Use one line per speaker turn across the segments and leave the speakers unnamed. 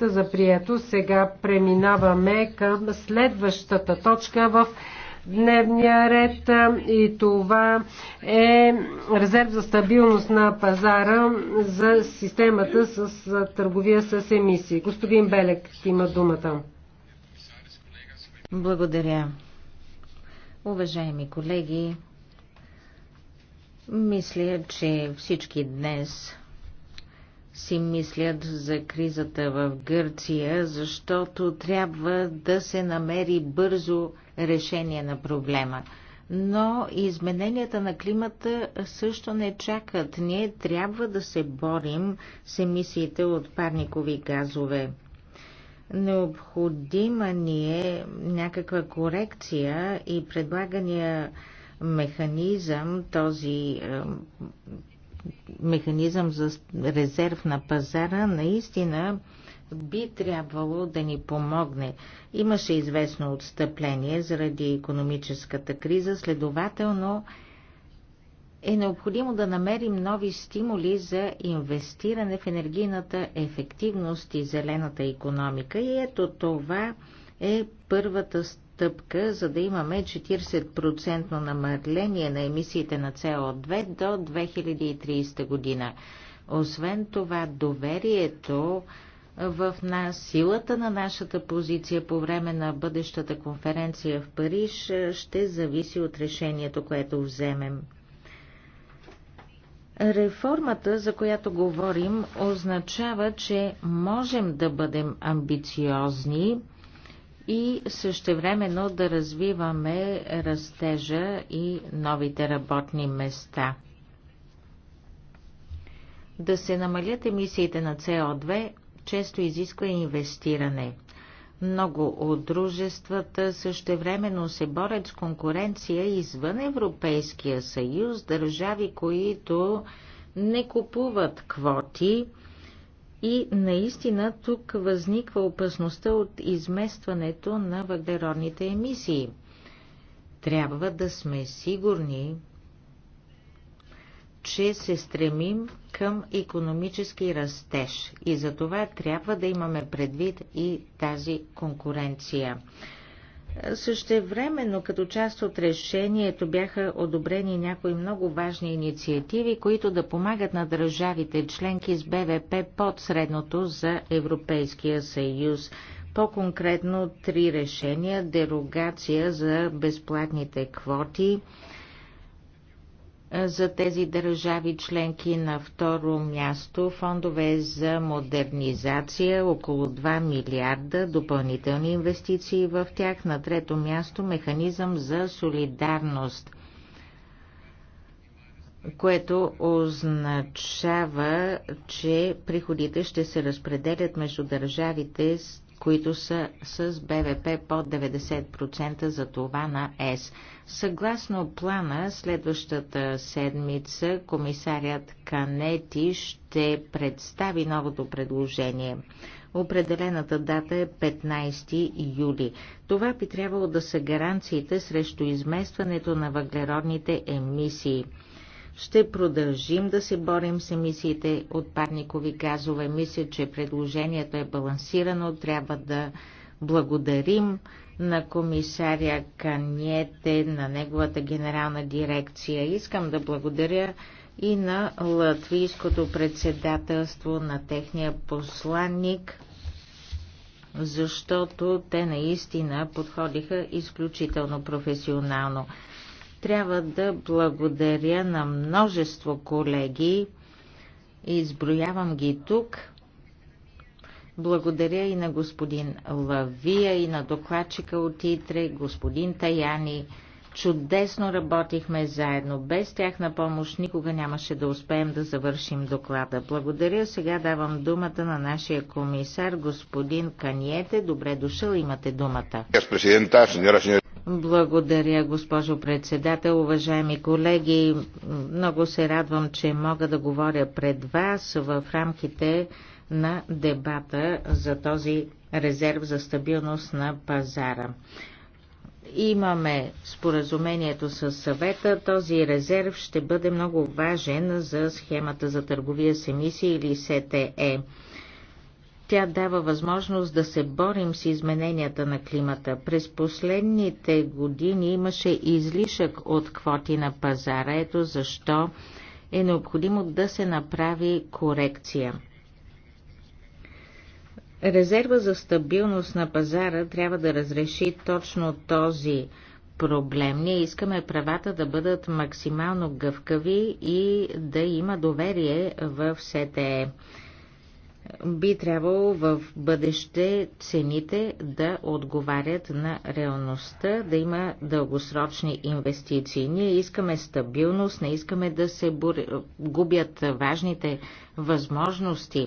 за прието. Сега преминаваме към следващата точка в дневния ред и това е резерв за стабилност на пазара за системата с търговия с емисии.
Господин Белек има думата. Благодаря. Уважаеми колеги, мисля, че всички днес си мислят за кризата в Гърция, защото трябва да се намери бързо решение на проблема. Но измененията на климата също не чакат. Ние трябва да се борим с емисиите от парникови газове. Необходима ни е някаква корекция и предлагания механизъм, този механизъм за резерв на пазара наистина би трябвало да ни помогне. Имаше известно отстъпление заради економическата криза, следователно е необходимо да намерим нови стимули за инвестиране в енергийната ефективност и зелената економика. И ето това е първата стъпка стъпка, за да имаме 40% намаление на емисиите на CO2 до 2030 година. Освен това, доверието в нас, силата на нашата позиция по време на бъдещата конференция в Париж е, ще зависи от решението, което вземем. Реформата, за която говорим, означава, че можем да бъдем амбициозни, и същевременно да развиваме растежа и новите работни места. Да се намалят емисиите на CO2 често изисква инвестиране. Много от дружествата същевременно се борят с конкуренция извън Европейския съюз, държави, които не купуват квоти, и наистина тук възниква опасността от изместването на въглеродните емисии. Трябва да сме сигурни, че се стремим към економически растеж и за това трябва да имаме предвид и тази конкуренция. Същевременно, като част от решението, бяха одобрени някои много важни инициативи, които да помагат на държавите членки с БВП под средното за Европейския съюз. По-конкретно три решения – дерогация за безплатните квоти – е, за тези държави членки на второ място фондове за модернизация около 2 милиарда допълнителни инвестиции в тях. На трето място механизъм за солидарност, което означава, че приходите ще се разпределят между държавите с които са с БВП под 90% за това на ЕС. Съгласно плана, следващата седмица комисарят Канети ще представи новото предложение. Определената дата е 15 юли. Това би трябвало да са гаранциите срещу изместването на въглеродните емисии – ще продължим да се борим с емисиите от парникови газове. Мисля, че предложението е балансирано. Трябва да благодарим на комисаря Каньете, на неговата генерална дирекция. Искам да благодаря и на латвийското председателство, на техния посланник, защото те наистина подходиха изключително професионално трябва да благодаря на множество колеги. Изброявам ги тук. Благодаря и на господин Лавия, и на докладчика от Итре, господин Таяни. Чудесно работихме заедно. Без тяхна помощ никога нямаше да успеем да завършим доклада. Благодаря. Сега давам думата на нашия комисар, господин Каниете. Добре дошъл, имате думата. Благодаря, госпожо председател. Уважаеми колеги, много се радвам, че мога да говоря пред вас в рамките на дебата за този резерв за стабилност на пазара. Имаме споразумението с съвета. Този резерв ще бъде много важен за схемата за търговия с емисии или СТЕ. Тя дава възможност да се борим с измененията на климата. През последните години имаше излишък от квоти на пазара. Ето защо е необходимо да се направи корекция. Резерва за стабилност на пазара трябва да разреши точно този проблем. Ние искаме правата да бъдат максимално гъвкави и да има доверие в СТЕ би трябвало в бъдеще цените да отговарят на реалността, да има дългосрочни инвестиции. Ние искаме стабилност, не искаме да се бур... губят важните възможности.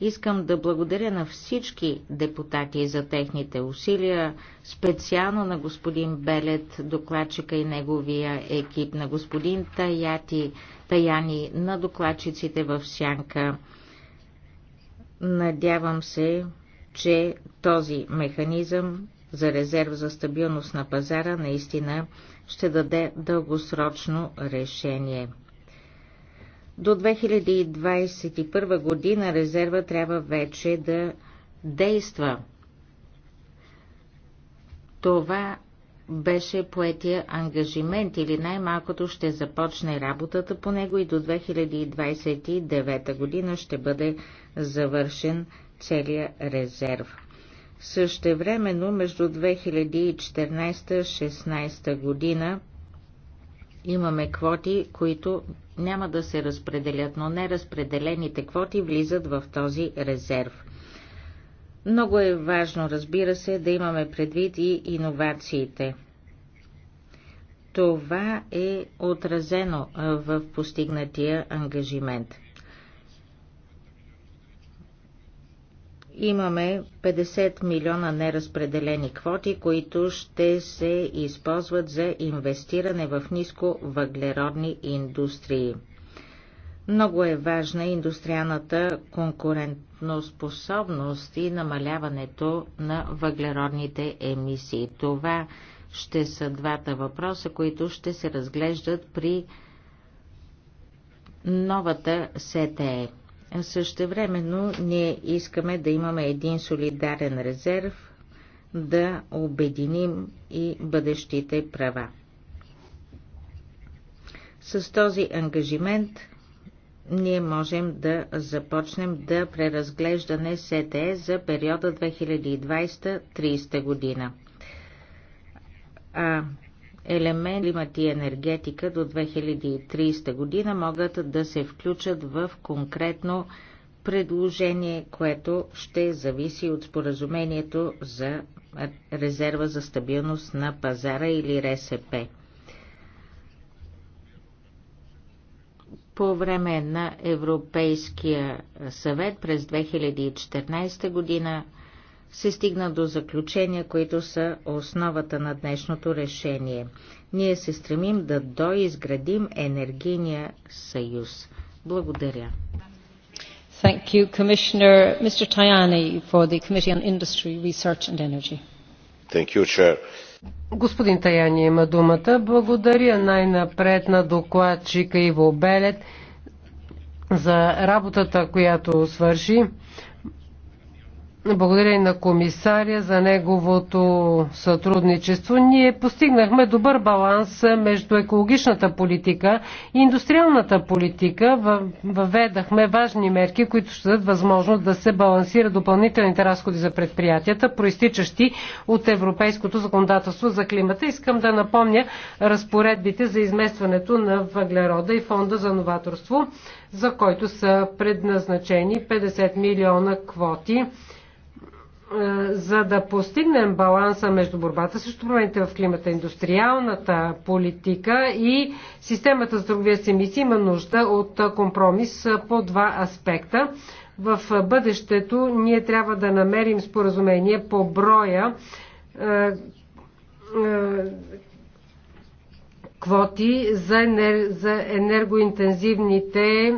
Искам да благодаря на всички депутати за техните усилия, специално на господин Белет, докладчика и неговия екип, на господин Таяти, Таяни, на докладчиците в Сянка Надявам се, че този механизъм за резерв за стабилност на пазара наистина ще даде дългосрочно решение. До 2021 година резерва трябва вече да действа. Това беше поетия ангажимент или най-малкото ще започне работата по него и до 2029 година ще бъде завършен целият резерв. Същевременно между 2014-16 година имаме квоти, които няма да се разпределят, но неразпределените квоти влизат в този резерв. Много е важно, разбира се, да имаме предвид и иновациите. Това е отразено в постигнатия ангажимент. Имаме 50 милиона неразпределени квоти, които ще се използват за инвестиране в ниско въглеродни индустрии. Много е важна индустриалната конкурентноспособност и намаляването на въглеродните емисии. Това ще са двата въпроса, които ще се разглеждат при новата СТЕ. Същевременно ние искаме да имаме един солидарен резерв, да обединим и бъдещите права. С този ангажимент ние можем да започнем да преразглеждане СТЕ за периода 2020-30 година. А елемент климат и енергетика до 2030 година могат да се включат в конкретно предложение, което ще зависи от споразумението за резерва за стабилност на пазара или РСП. по време на Европейския съвет през 2014 година се стигна до заключения, които са основата на днешното решение. Ние се стремим да доизградим енергийния съюз. Благодаря. Thank you, Commissioner Mr. Tajani for the Committee
on Industry, Research and Energy.
Thank you, Chair.
Господин Таяни има думата. Благодаря най-напред на докладчика Иво Белет за работата, която свърши. Благодаря и на комисаря за неговото сътрудничество. Ние постигнахме добър баланс между екологичната политика и индустриалната политика. Въведахме важни мерки, които ще дадат възможност да се балансира допълнителните разходи за предприятията, проистичащи от европейското законодателство за климата. Искам да напомня разпоредбите за изместването на въглерода и фонда за новаторство, за който са предназначени 50 милиона квоти е, за да постигнем баланса между борбата срещу промените в климата, индустриалната политика и системата за търговия с емисии има нужда от компромис по два аспекта. В бъдещето ние трябва да намерим споразумение по броя е, е, квоти за, енер... за енергоинтензивните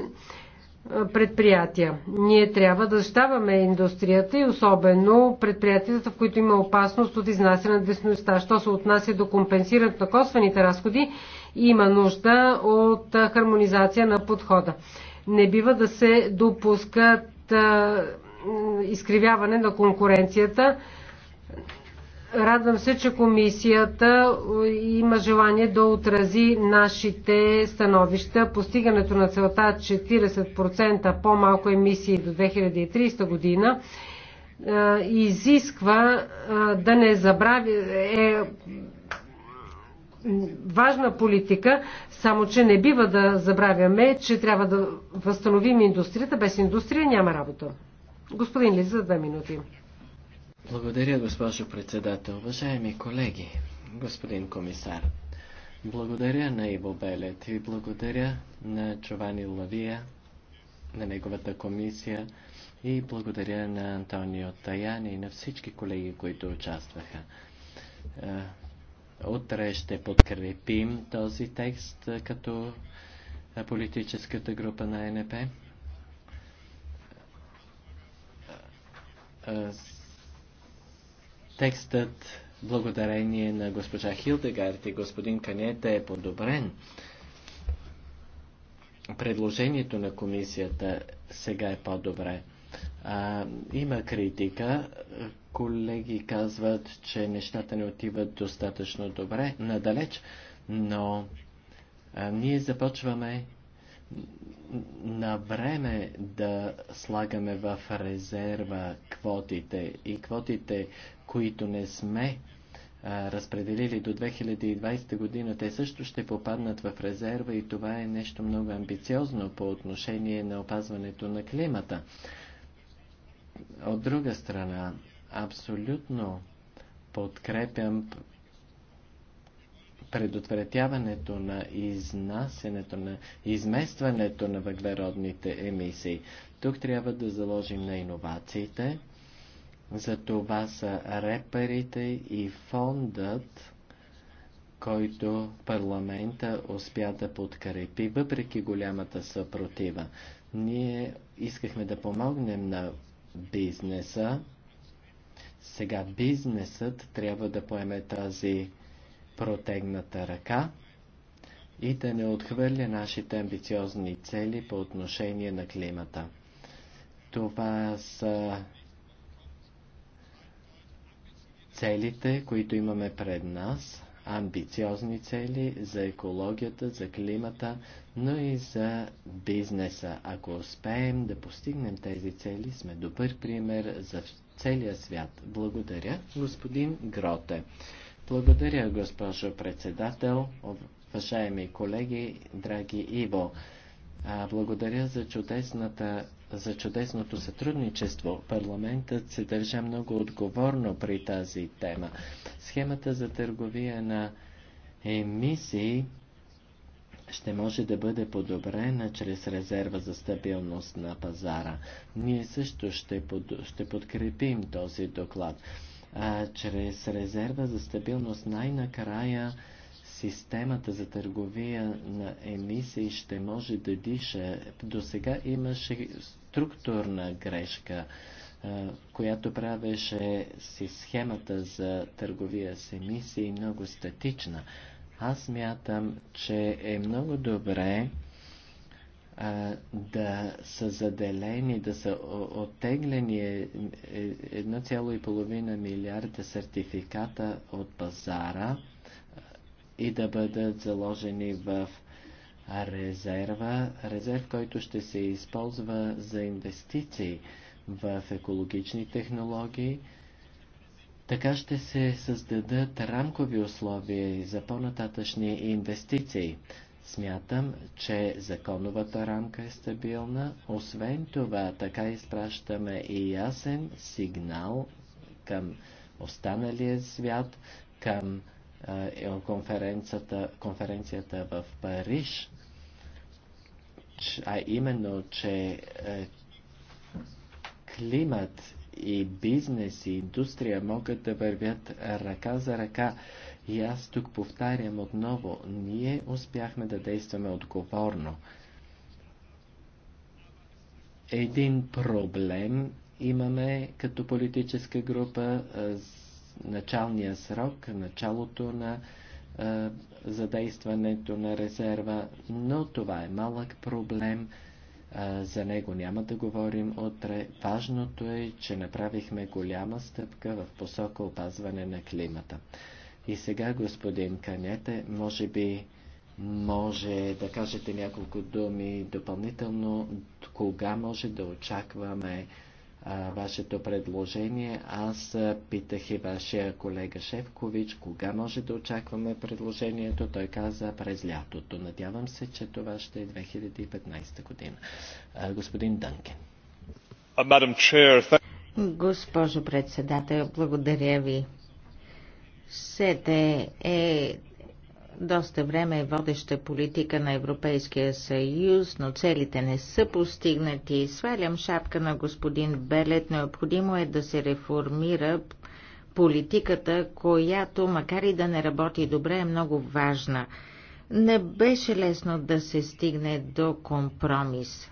предприятия. Ние трябва да защитаваме индустрията и особено предприятията, в които има опасност от изнасяне на десността. Що се отнася до компенсирането на косвените разходи, има нужда от хармонизация на подхода. Не бива да се допускат изкривяване на конкуренцията Радвам се, че комисията е, има желание да отрази нашите становища. Постигането на целта 40% е по-малко емисии до 2030 година е, изисква да не забравя е важна политика, само че не бива да забравяме, че трябва да възстановим индустрията. Без индустрия няма работа. Господин Лиза, за две минути.
Благодаря, госпожо председател. Уважаеми колеги, господин комисар, благодаря на Иво Белет и благодаря на Човани Лавия, на неговата комисия и благодаря на Антонио Таяни и на всички колеги, които участваха. Е, утре ще подкрепим този текст е, като политическата група на НП. Е, Текстът, благодарение на госпожа Хилдегард и господин Канета, е подобрен. Предложението на комисията сега е по-добре. А, има критика. Колеги казват, че нещата не отиват достатъчно добре, надалеч, но а, ние започваме на време да слагаме в резерва квотите и квотите, които не сме а, разпределили до 2020 година, те също ще попаднат в резерва и това е нещо много амбициозно по отношение на опазването на климата. От друга страна, абсолютно подкрепям предотвратяването на изнасенето на изместването на въглеродните емисии. Тук трябва да заложим на иновациите. За това са реперите и фондът, който парламента успя да подкрепи, въпреки голямата съпротива. Ние искахме да помогнем на бизнеса. Сега бизнесът трябва да поеме тази протегната ръка и да не отхвърля нашите амбициозни цели по отношение на климата. Това са целите, които имаме пред нас, амбициозни цели за екологията, за климата, но и за бизнеса. Ако успеем да постигнем тези цели, сме добър пример за целия свят. Благодаря, господин Гроте. Благодаря, госпожо председател, уважаеми колеги, драги Иво. Благодаря за, чудесната, за чудесното сътрудничество. Парламентът се държа много отговорно при тази тема. Схемата за търговия на емисии ще може да бъде подобрена чрез резерва за стабилност на пазара. Ние също ще, под, ще подкрепим този доклад а, чрез резерва за стабилност най-накрая системата за търговия на емисии ще може да диша. До сега имаше структурна грешка, която правеше си схемата за търговия с емисии много статична. Аз мятам, че е много добре да са заделени, да са оттеглени 1,5 е, е, милиарда сертификата от пазара и да бъдат заложени в резерва, резерв, който ще се използва за инвестиции в екологични технологии. Така ще се създадат рамкови условия за по-нататъчни инвестиции. Смятам, че законовата рамка е стабилна. Освен това, така изпращаме и ясен сигнал към останалия свят, към е, конференцията, конференцията в Париж, а именно, че е, климат и бизнес и индустрия могат да вървят ръка за ръка. И аз тук повтарям отново, ние успяхме да действаме отговорно. Един проблем имаме като политическа група началния срок, началото на задействането на резерва, но това е малък проблем. За него няма да говорим утре. Важното е, че направихме голяма стъпка в посока опазване на климата. И сега, господин Канете, може би може да кажете няколко думи допълнително, кога може да очакваме а, вашето предложение. Аз питах и вашия колега Шевкович, кога може да очакваме предложението. Той каза през лятото. Надявам се, че това ще е 2015 година. А, господин Дънкен.
Uh, Госпожо председател, благодаря ви. СЕТЕ е доста време водеща политика на Европейския съюз, но целите не са постигнати. Свалям шапка на господин Белет. Необходимо е да се реформира политиката, която, макар и да не работи добре, е много важна. Не беше лесно да се стигне до компромис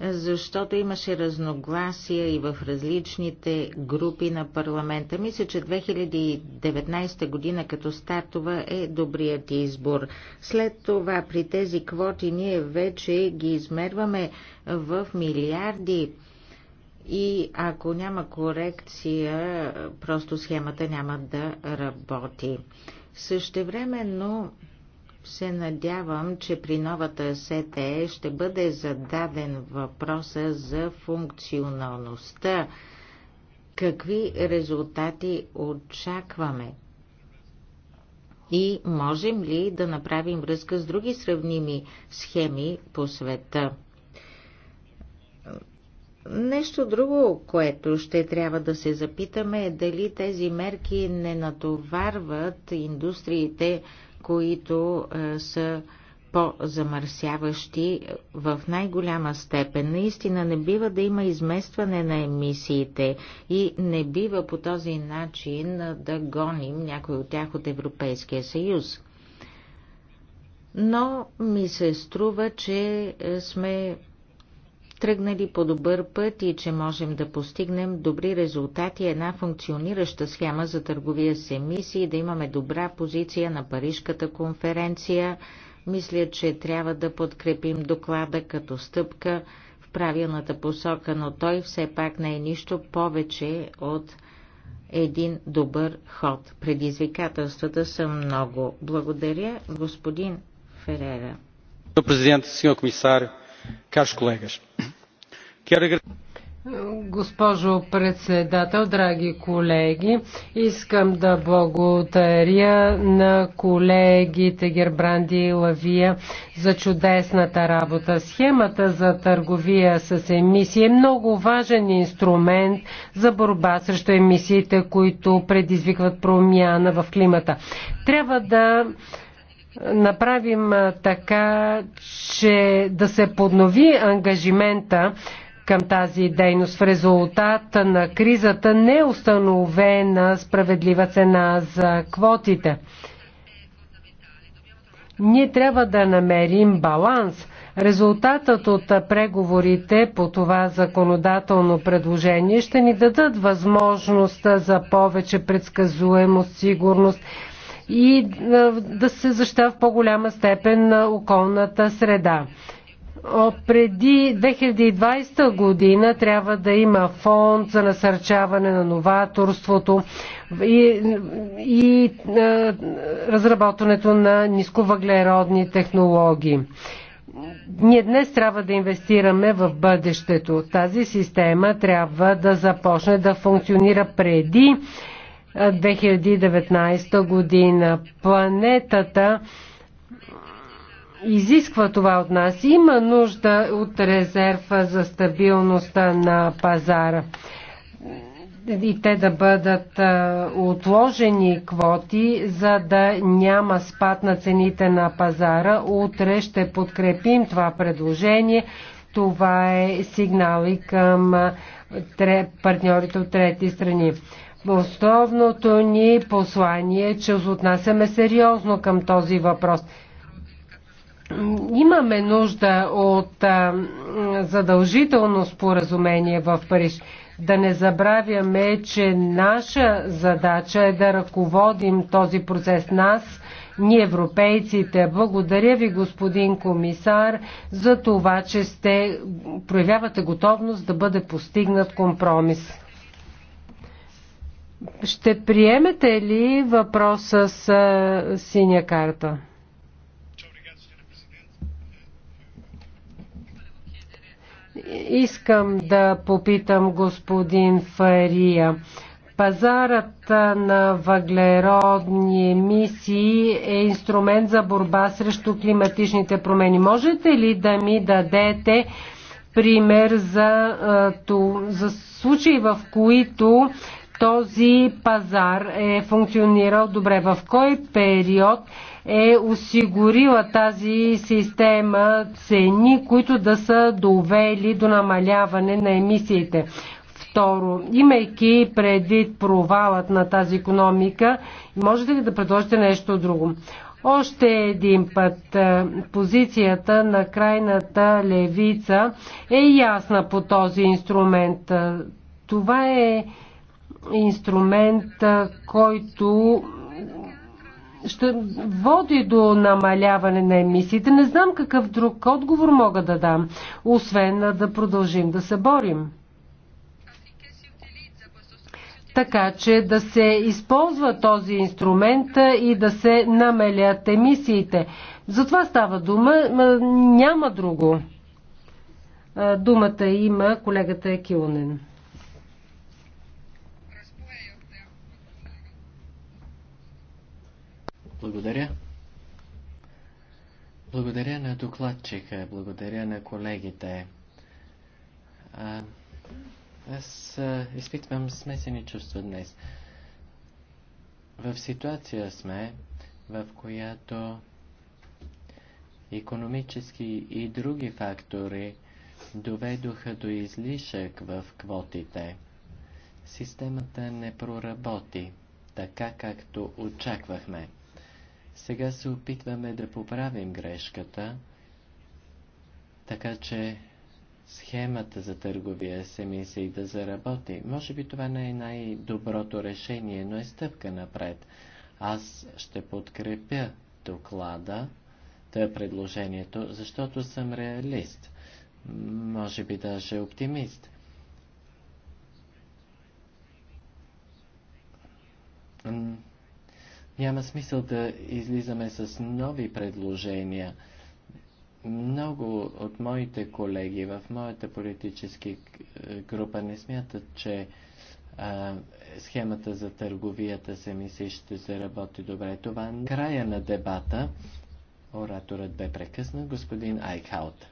защото имаше разногласия и в различните групи на парламента. Мисля, че 2019 година като стартова е добрият избор. След това при тези квоти ние вече ги измерваме в милиарди. И ако няма корекция, просто схемата няма да работи. Същевременно се надявам, че при новата СТЕ ще бъде зададен въпроса за функционалността. Какви резултати очакваме? И можем ли да направим връзка с други сравними схеми по света? Нещо друго, което ще трябва да се запитаме е дали тези мерки не натоварват индустриите които е, са по-замърсяващи в най-голяма степен. Наистина не бива да има изместване на емисиите и не бива по този начин е, да гоним някой от тях от Европейския съюз. Но ми се струва, че е, сме тръгнали по добър път и че можем да постигнем добри резултати, е една функционираща схема за търговия с емисии, да имаме добра позиция на Парижката конференция. Мисля, че трябва да подкрепим доклада като стъпка в правилната посока, но той все пак не е нищо повече от един добър ход. Предизвикателствата са много. Благодаря, господин Ферера.
Президент, сега комисар, Caros colegas, quero
Госпожо председател,
драги колеги, искам да благодаря на колегите Гербранди и Лавия за чудесната работа. Схемата за търговия с емисии е много важен инструмент за борба срещу емисиите, които предизвикват промяна в климата. Трябва да направим така, че да се поднови ангажимента към тази дейност. В резултат на кризата не е установена справедлива цена за квотите. Ние трябва да намерим баланс. Резултатът от преговорите по това законодателно предложение ще ни дадат възможност за повече предсказуемост, сигурност и да се защитава в по-голяма степен на околната среда. Преди 2020 година трябва да има фонд за насърчаване на новаторството и, и е, разработването на нисковъглеродни технологии. Ние днес трябва да инвестираме в бъдещето. Тази система трябва да започне да функционира преди 2019 година. Планетата изисква това от нас. Има нужда от резерва за стабилността на пазара и те да бъдат отложени квоти, за да няма спад на цените на пазара. Утре ще подкрепим това предложение. Това е сигнал и към партньорите от трети страни. Основното ни послание е, че отнасяме сериозно към този въпрос. Имаме нужда от а, задължително споразумение в Париж. Да не забравяме, че наша задача е да ръководим този процес нас, ние европейците. Благодаря ви, господин комисар, за това, че сте проявявате готовност да бъде постигнат компромис. Ще приемете ли въпроса с а, синя карта? Искам да попитам господин Фария. Пазарът на въглеродни емисии е инструмент за борба срещу климатичните промени. Можете ли да ми дадете пример за, за случаи, в които този пазар е функционирал добре. В кой период е осигурила тази система цени, които да са довели до намаляване на емисиите? Второ, имайки предвид провалът на тази економика, можете ли да предложите нещо друго? Още един път е, позицията на крайната левица е ясна по този инструмент. Е, това е инструмент, който ще води до намаляване на емисиите. Не знам какъв друг отговор мога да дам, освен да продължим да се борим. Така че да се използва този инструмент и да се намалят емисиите. За това става дума, няма друго. Думата има колегата Екилонен.
Благодаря. Благодаря на докладчика, благодаря на колегите. А, аз а, изпитвам смесени чувства днес. В ситуация сме, в която економически и други фактори доведоха до излишък в квотите. Системата не проработи така, както очаквахме. Сега се опитваме да поправим грешката, така че схемата за търговия се мисли да заработи. Може би това не е най-доброто решение, но е стъпка напред. Аз ще подкрепя доклада, е предложението, защото съм реалист, може би даже оптимист. Няма смисъл да излизаме с нови предложения. Много от моите колеги в моята политическа е, група не смятат, че а, е, схемата за търговията се мисли ще заработи добре. Това е края на дебата. Ораторът бе прекъснат господин Айкхаут.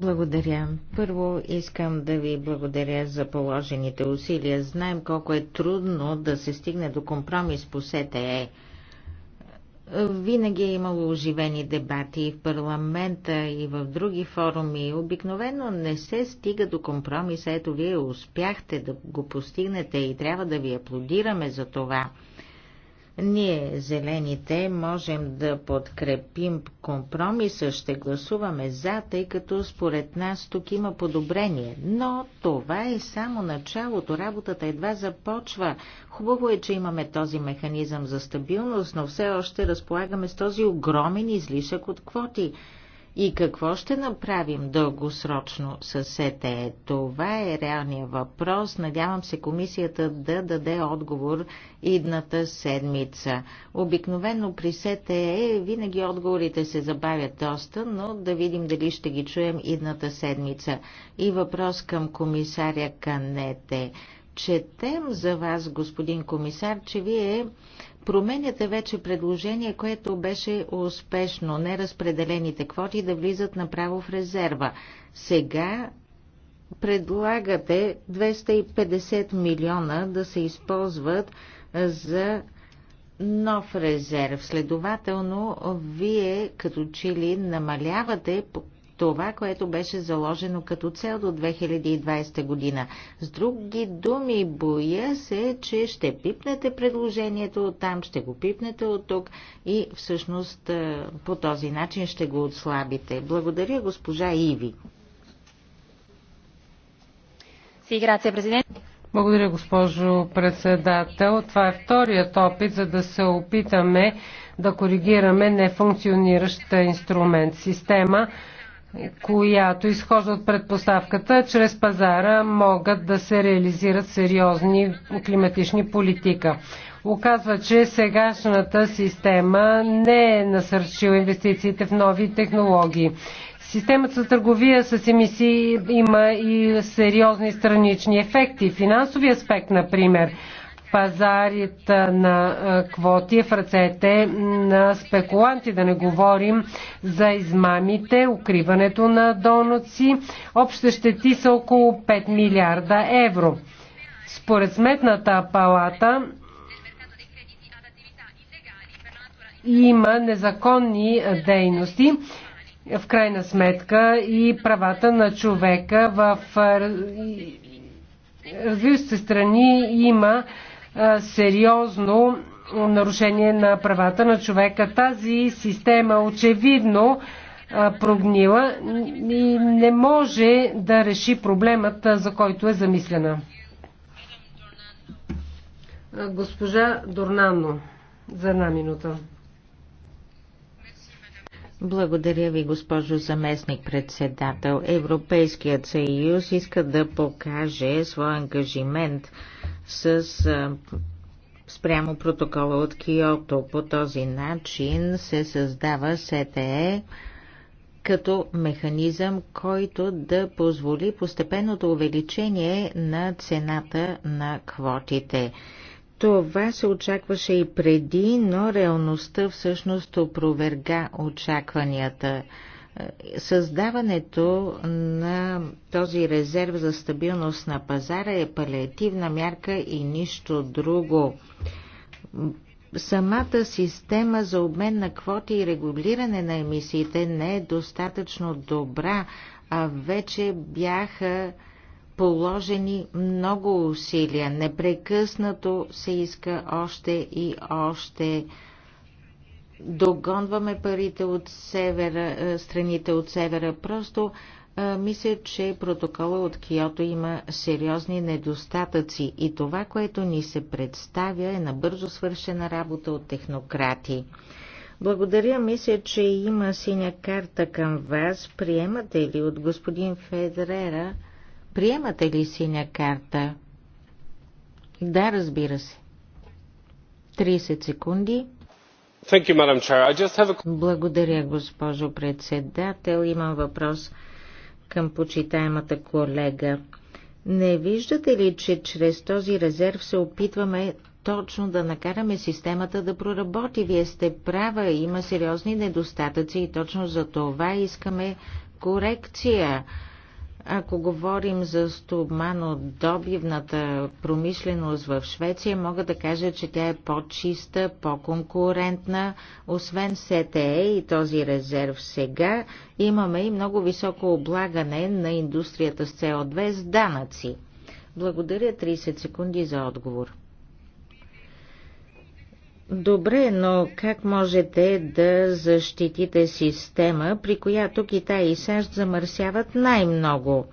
Благодаря. Първо искам да ви благодаря за положените усилия. Знаем колко е трудно да се стигне до компромис по СТЕ. Винаги е имало оживени дебати и в парламента, и в други форуми. Обикновено не се стига до компромиса. Ето, вие успяхте да го постигнете и трябва да ви аплодираме за това. Ние, зелените, можем да подкрепим компромиса, ще гласуваме за, тъй като според нас тук има подобрение. Но това е само началото, работата едва започва. Хубаво е, че имаме този механизъм за стабилност, но все още разполагаме с този огромен излишък от квоти. И какво ще направим дългосрочно с СТЕ? Това е реалният въпрос. Надявам се комисията да даде отговор идната седмица. Обикновено при СТЕ винаги отговорите се забавят доста, но да видим дали ще ги чуем идната седмица. И въпрос към комисаря Канете. Четем за вас, господин комисар, че вие променяте вече предложение, което беше успешно. Неразпределените квоти да влизат направо в резерва. Сега предлагате 250 милиона да се използват за нов резерв. Следователно, вие като че ли намалявате това, което беше заложено като цел до 2020 година. С други думи, боя се, че ще пипнете предложението от там, ще го пипнете от тук и всъщност е, по този начин ще го отслабите. Благодаря, госпожа Иви.
Благодаря, госпожо председател. Това е вторият опит, за да се опитаме да коригираме нефункционираща инструмент. Система, която изхожда от предпоставката, чрез пазара могат да се реализират сериозни климатични политика. Оказва, че сегашната система не е насърчила инвестициите в нови технологии. Системата за търговия с емисии има и сериозни странични ефекти. Финансови аспект, например, пазарите на квоти в ръцете на спекуланти, да не говорим за измамите, укриването на доноци. Общо щети са около 5 милиарда евро. Според сметната палата има незаконни дейности, в крайна сметка и правата на човека в развиващите страни има сериозно нарушение на правата на човека. Тази система очевидно прогнила и не може да реши проблемът, за който е замислена. Госпожа Дорнано, за една
минута. Благодаря ви, госпожо заместник председател. Европейският съюз иска да покаже своя ангажимент с спрямо протокола от Киото. По този начин се създава СТЕ като механизъм, който да позволи постепенното увеличение на цената на квотите. Това се очакваше и преди, но реалността всъщност опроверга очакванията. Създаването на този резерв за стабилност на пазара е палиативна мярка и нищо друго. Самата система за обмен на квоти и регулиране на емисиите не е достатъчно добра, а вече бяха положени много усилия. Непрекъснато се иска още и още догонваме парите от севера, е, страните от севера. Просто е, мисля, че протокола от Киото има сериозни недостатъци и това, което ни се представя е набързо свършена работа от технократи. Благодаря, мисля, че има синя карта към вас. Приемате ли от господин Федерера? Приемате ли синя карта? Да, разбира се. 30 секунди. Благодаря, госпожо председател. Имам въпрос към почитаемата колега. Не виждате ли, че чрез този резерв се опитваме точно да накараме системата да проработи? Вие сте права, има сериозни недостатъци и точно за това искаме корекция. Ако говорим за стоманодобивната промишленост в Швеция, мога да кажа, че тя е по-чиста, по-конкурентна. Освен СТЕ и този резерв сега, имаме и много високо облагане на индустрията с CO2 с данъци. Благодаря 30 секунди за отговор. Добре, но как можете да защитите система, при която Китай и САЩ замърсяват най-много?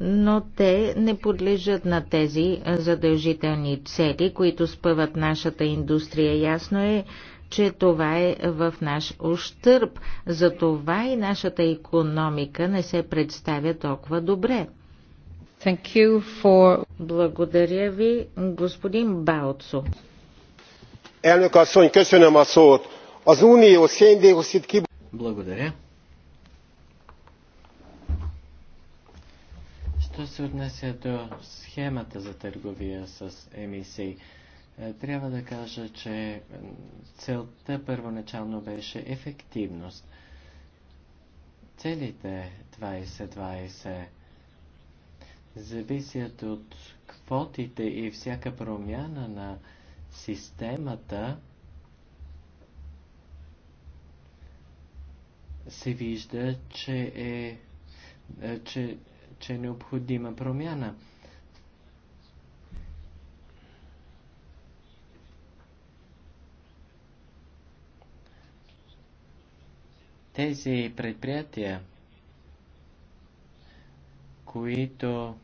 но те не подлежат на тези задължителни цели, които спъват нашата индустрия. Ясно е, че това е в наш ущърп. Затова и нашата економика не се представя толкова добре. Thank you for... Благодаря ви, господин Баоцо
elnök asszony köszönöm a szót. az unió széndioxid kibocsátását. Благодаря. Що се отнесе до схемата за търговия с емисии, е, трябва да кажа, че целта първоначално беше ефективност. Целите 2020 зависят от квотите и всяка промяна на системата се вижда, че е, е, че, че е необходима промяна. Тези предприятия, които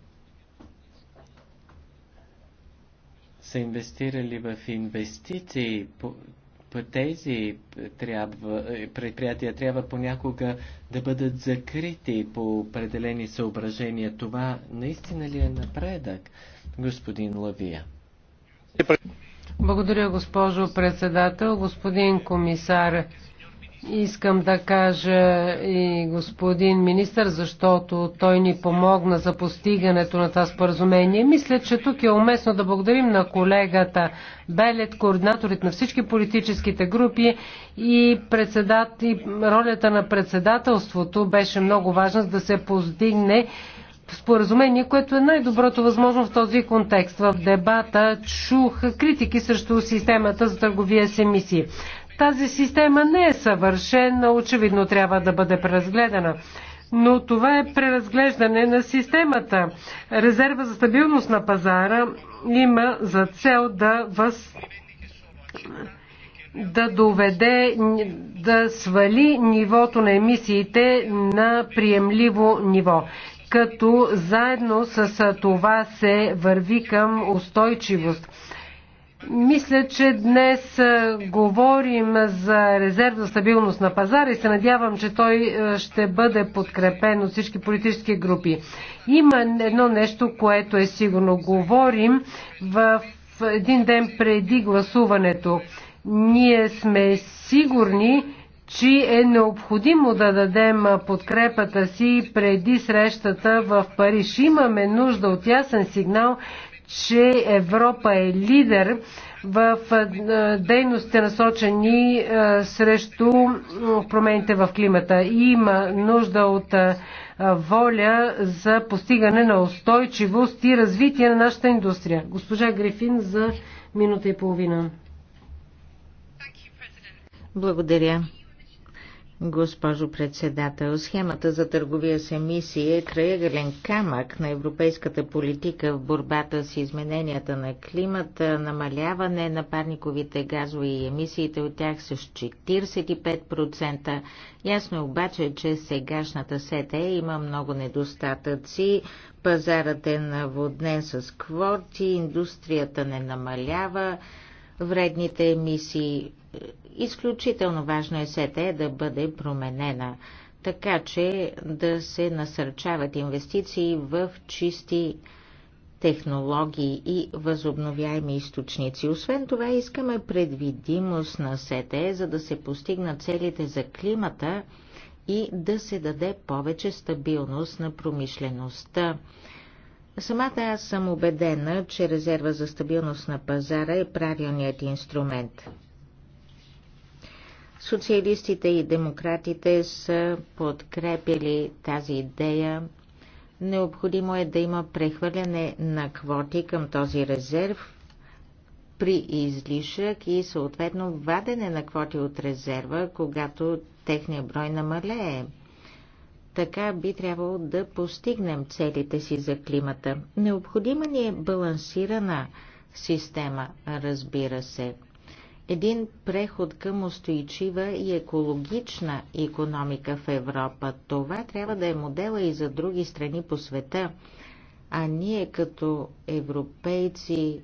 са инвестирали в инвестиции, по, по тези трябва, е, предприятия трябва понякога да бъдат закрити по определени съображения. Това наистина ли е напредък, господин Лавия?
Благодаря, госпожо председател. Господин комисар, Искам да кажа и господин министър, защото той ни помогна за постигането на това споразумение. Мисля, че тук е уместно да благодарим на колегата Белет, координаторите на всички политическите групи и, председат, и ролята на председателството беше много важна, за да се постигне споразумение, което е най-доброто възможно в този контекст. В дебата чух критики срещу системата за търговия с емисии. Тази система не е съвършена, очевидно трябва да бъде преразгледана. Но това е преразглеждане на системата. Резерва за стабилност на пазара има за цел да въз да доведе, да свали нивото на емисиите на приемливо ниво като заедно с това се върви към устойчивост. Мисля, че днес е, говорим за резерв за стабилност на пазара и се надявам, че той е, ще бъде подкрепен от всички политически групи. Има едно нещо, което е сигурно. Говорим в един ден преди гласуването. Ние сме сигурни, че е необходимо да дадем подкрепата си преди срещата в Париж. Имаме нужда от ясен сигнал, че Европа е лидер в дейности, насочени срещу промените в климата. И има нужда от воля за постигане на устойчивост и развитие на нашата индустрия.
Госпожа Грифин за минута и половина. Благодаря. Госпожо председател, схемата за търговия с емисии е краегален камък на европейската политика в борбата с измененията на климата, намаляване на парниковите газове и емисиите от тях с 45%. Ясно е обаче, че сегашната сете има много недостатъци. Пазарът е наводнен с квоти, индустрията не намалява, вредните емисии Изключително важно е СЕТЕ да бъде променена, така че да се насърчават инвестиции в чисти технологии и възобновяеми източници. Освен това, искаме предвидимост на СЕТЕ, за да се постигнат целите за климата и да се даде повече стабилност на промишлеността. Самата аз съм убедена, че резерва за стабилност на пазара е правилният инструмент. Социалистите и демократите са подкрепили тази идея. Необходимо е да има прехвърляне на квоти към този резерв при излишък и съответно вадене на квоти от резерва, когато техния брой намалее. Така би трябвало да постигнем целите си за климата. Необходима ни е балансирана система, разбира се един преход към устойчива и екологична економика в Европа. Това трябва да е модела и за други страни по света. А ние като европейци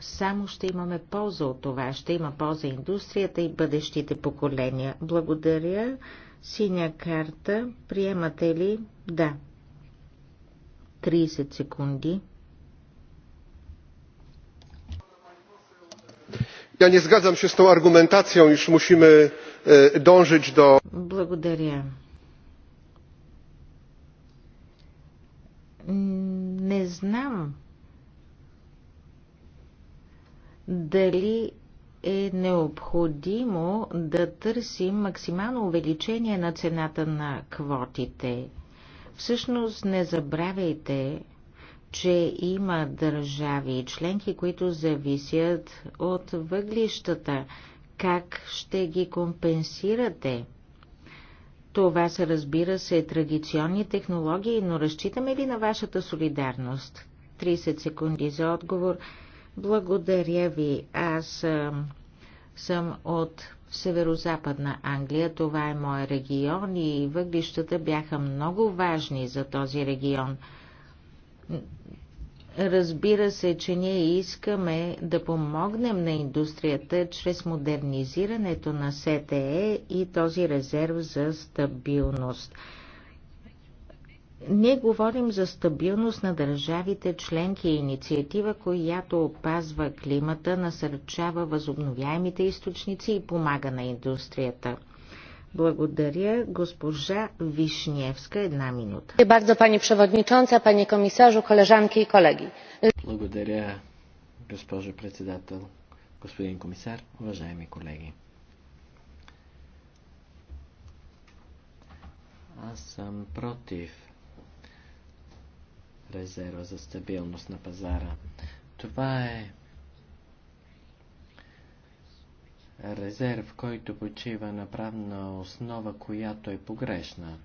само ще имаме полза от това. Ще има полза индустрията и бъдещите поколения. Благодаря. Синя карта. Приемате ли? Да. 30 секунди.
ja nie zgadzam się z tą argumentacją iż musimy e, dążyć do
Благодаря. Не знам дали е необходимо да търсим максимално увеличение на цената на квотите. Всъщност не забравяйте, че има държави и членки, които зависят от въглищата. Как ще ги компенсирате? Това са, разбира се, традиционни технологии, но разчитаме ли на вашата солидарност? 30 секунди за отговор. Благодаря ви. Аз съм от северо-западна Англия. Това е моя регион и въглищата бяха много важни за този регион – Разбира се, че ние искаме да помогнем на индустрията чрез модернизирането на СТЕ и този резерв за стабилност. Ние говорим за стабилност на държавите членки и инициатива, която опазва климата, насърчава възобновяемите източници и помага на индустрията. Благодаря. Госпожа Вишневска, една минута. Bardzo, пани przewodnicząca, пани komisarzu, koleżanki и колеги.
Благодаря, госпожо председател, господин комисар, уважаеми колеги. Аз съм против резерва за стабилност на пазара. Това е резерв, който почива на правна основа, която е погрешна.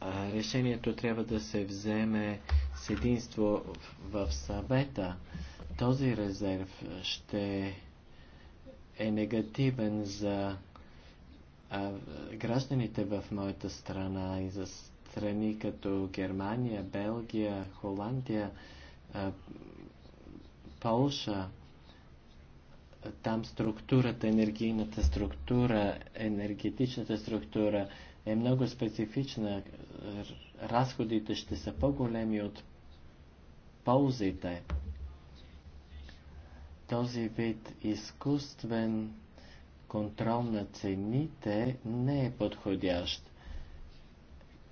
А решението трябва да се вземе с единство в съвета. Този резерв ще е негативен за а, гражданите в моята страна и за страни като Германия, Белгия, Холандия, а, Полша там структурата, енергийната структура, енергетичната структура е много специфична. Разходите ще са по-големи от ползите. Този вид изкуствен контрол на цените не е подходящ.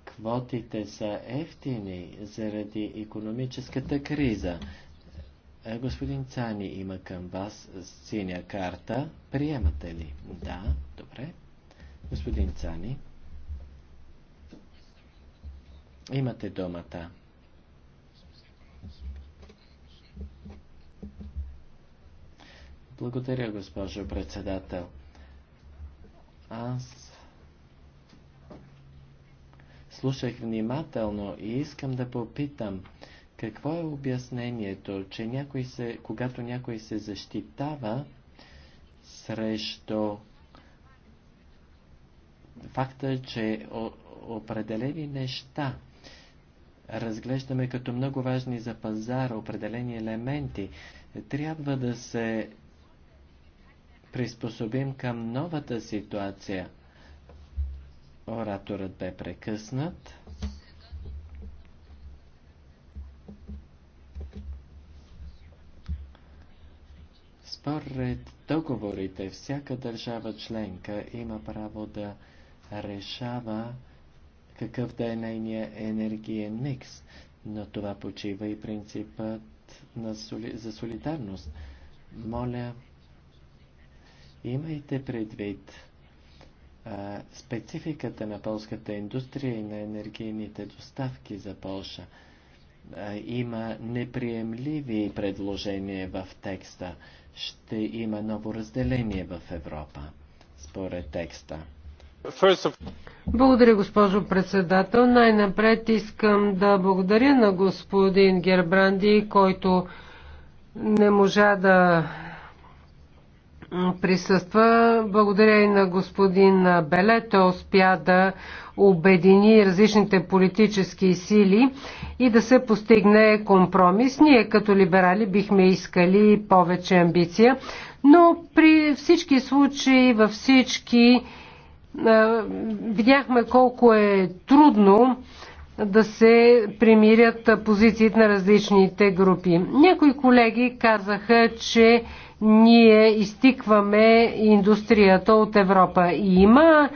Квотите са ефтини заради економическата криза. Е, господин Цани има към вас синя карта. Приемате ли? Да, добре. Господин Цани, имате домата. Благодаря, госпожо председател. Аз слушах внимателно и искам да попитам – какво е обяснението, че някой се, когато някой се защитава срещу факта, че определени неща разглеждаме като много важни за пазара, определени елементи, трябва да се приспособим към новата ситуация. Ораторът бе прекъснат. Според договорите, всяка държава членка има право да решава какъв да е нейния енергиен микс. но това почива и принципът на соли... за солидарност. Моля, имайте предвид а, спецификата на полската индустрия и на енергийните доставки за Полша. А, има неприемливи предложения в текста ще има ново разделение в Европа, според текста.
Благодаря, госпожо председател. Най-напред искам да благодаря на господин Гербранди, който не можа да присъства. Благодаря и на господин Беле. Той успя да обедини различните политически сили и да се постигне компромис. Ние като либерали бихме искали повече амбиция, но при всички случаи, във всички видяхме колко е трудно да се примирят позициите на различните групи. Някои колеги казаха, че ние изтикваме индустрията от Европа. И има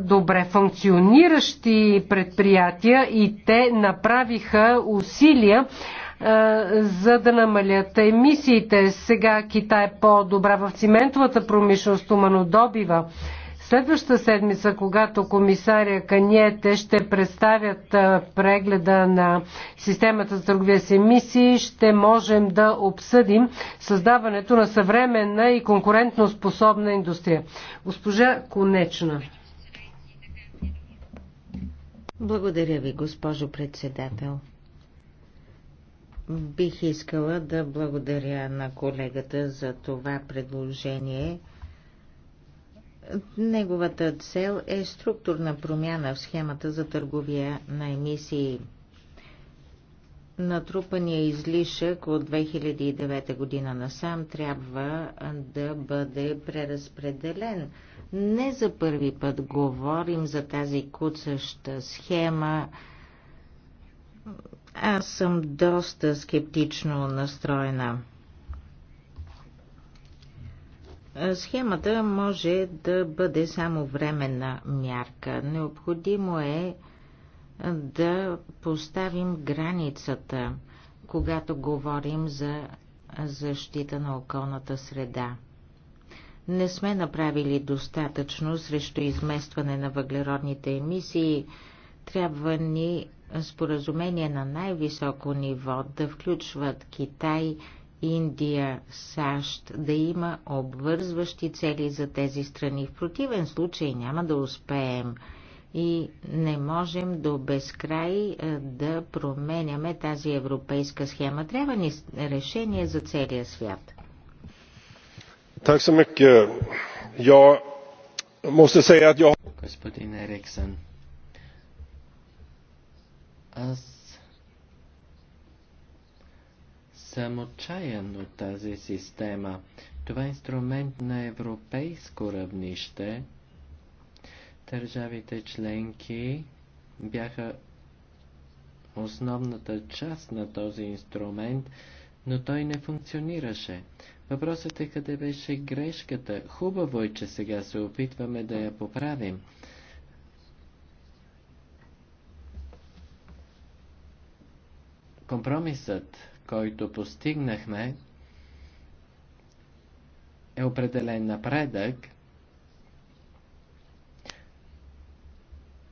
добре функциониращи предприятия и те направиха усилия за да намалят емисиите. Сега Китай е по-добра в циментовата промишленост, добива. Следваща седмица, когато комисаря Каниете ще представят прегледа на системата за търговия с емисии, ще можем да обсъдим създаването на съвременна и конкурентно способна индустрия. Госпожа Конечна.
Благодаря ви, госпожо председател. Бих искала да благодаря на колегата за това предложение – Неговата цел е структурна промяна в схемата за търговия на емисии. Натрупания излишък от 2009 година насам трябва да бъде преразпределен. Не за първи път говорим за тази куцаща схема. Аз съм доста скептично настроена. Схемата може да бъде само временна мярка. Необходимо е да поставим границата, когато говорим за защита на околната среда. Не сме направили достатъчно срещу изместване на въглеродните емисии. Трябва ни споразумение на най-високо ниво да включват Китай, Индия, САЩ, да има обвързващи цели за тези страни. В противен случай няма да успеем и не можем до безкрай е, да променяме тази европейска схема. Трябва ни решение за целия свят.
Господин Ериксън, аз съм отчаян от тази система. Това е инструмент на европейско равнище. Държавите членки бяха основната част на този инструмент, но той не функционираше. Въпросът е къде беше грешката. Хубаво е, че сега се опитваме да я поправим. Компромисът който постигнахме, е определен напредък.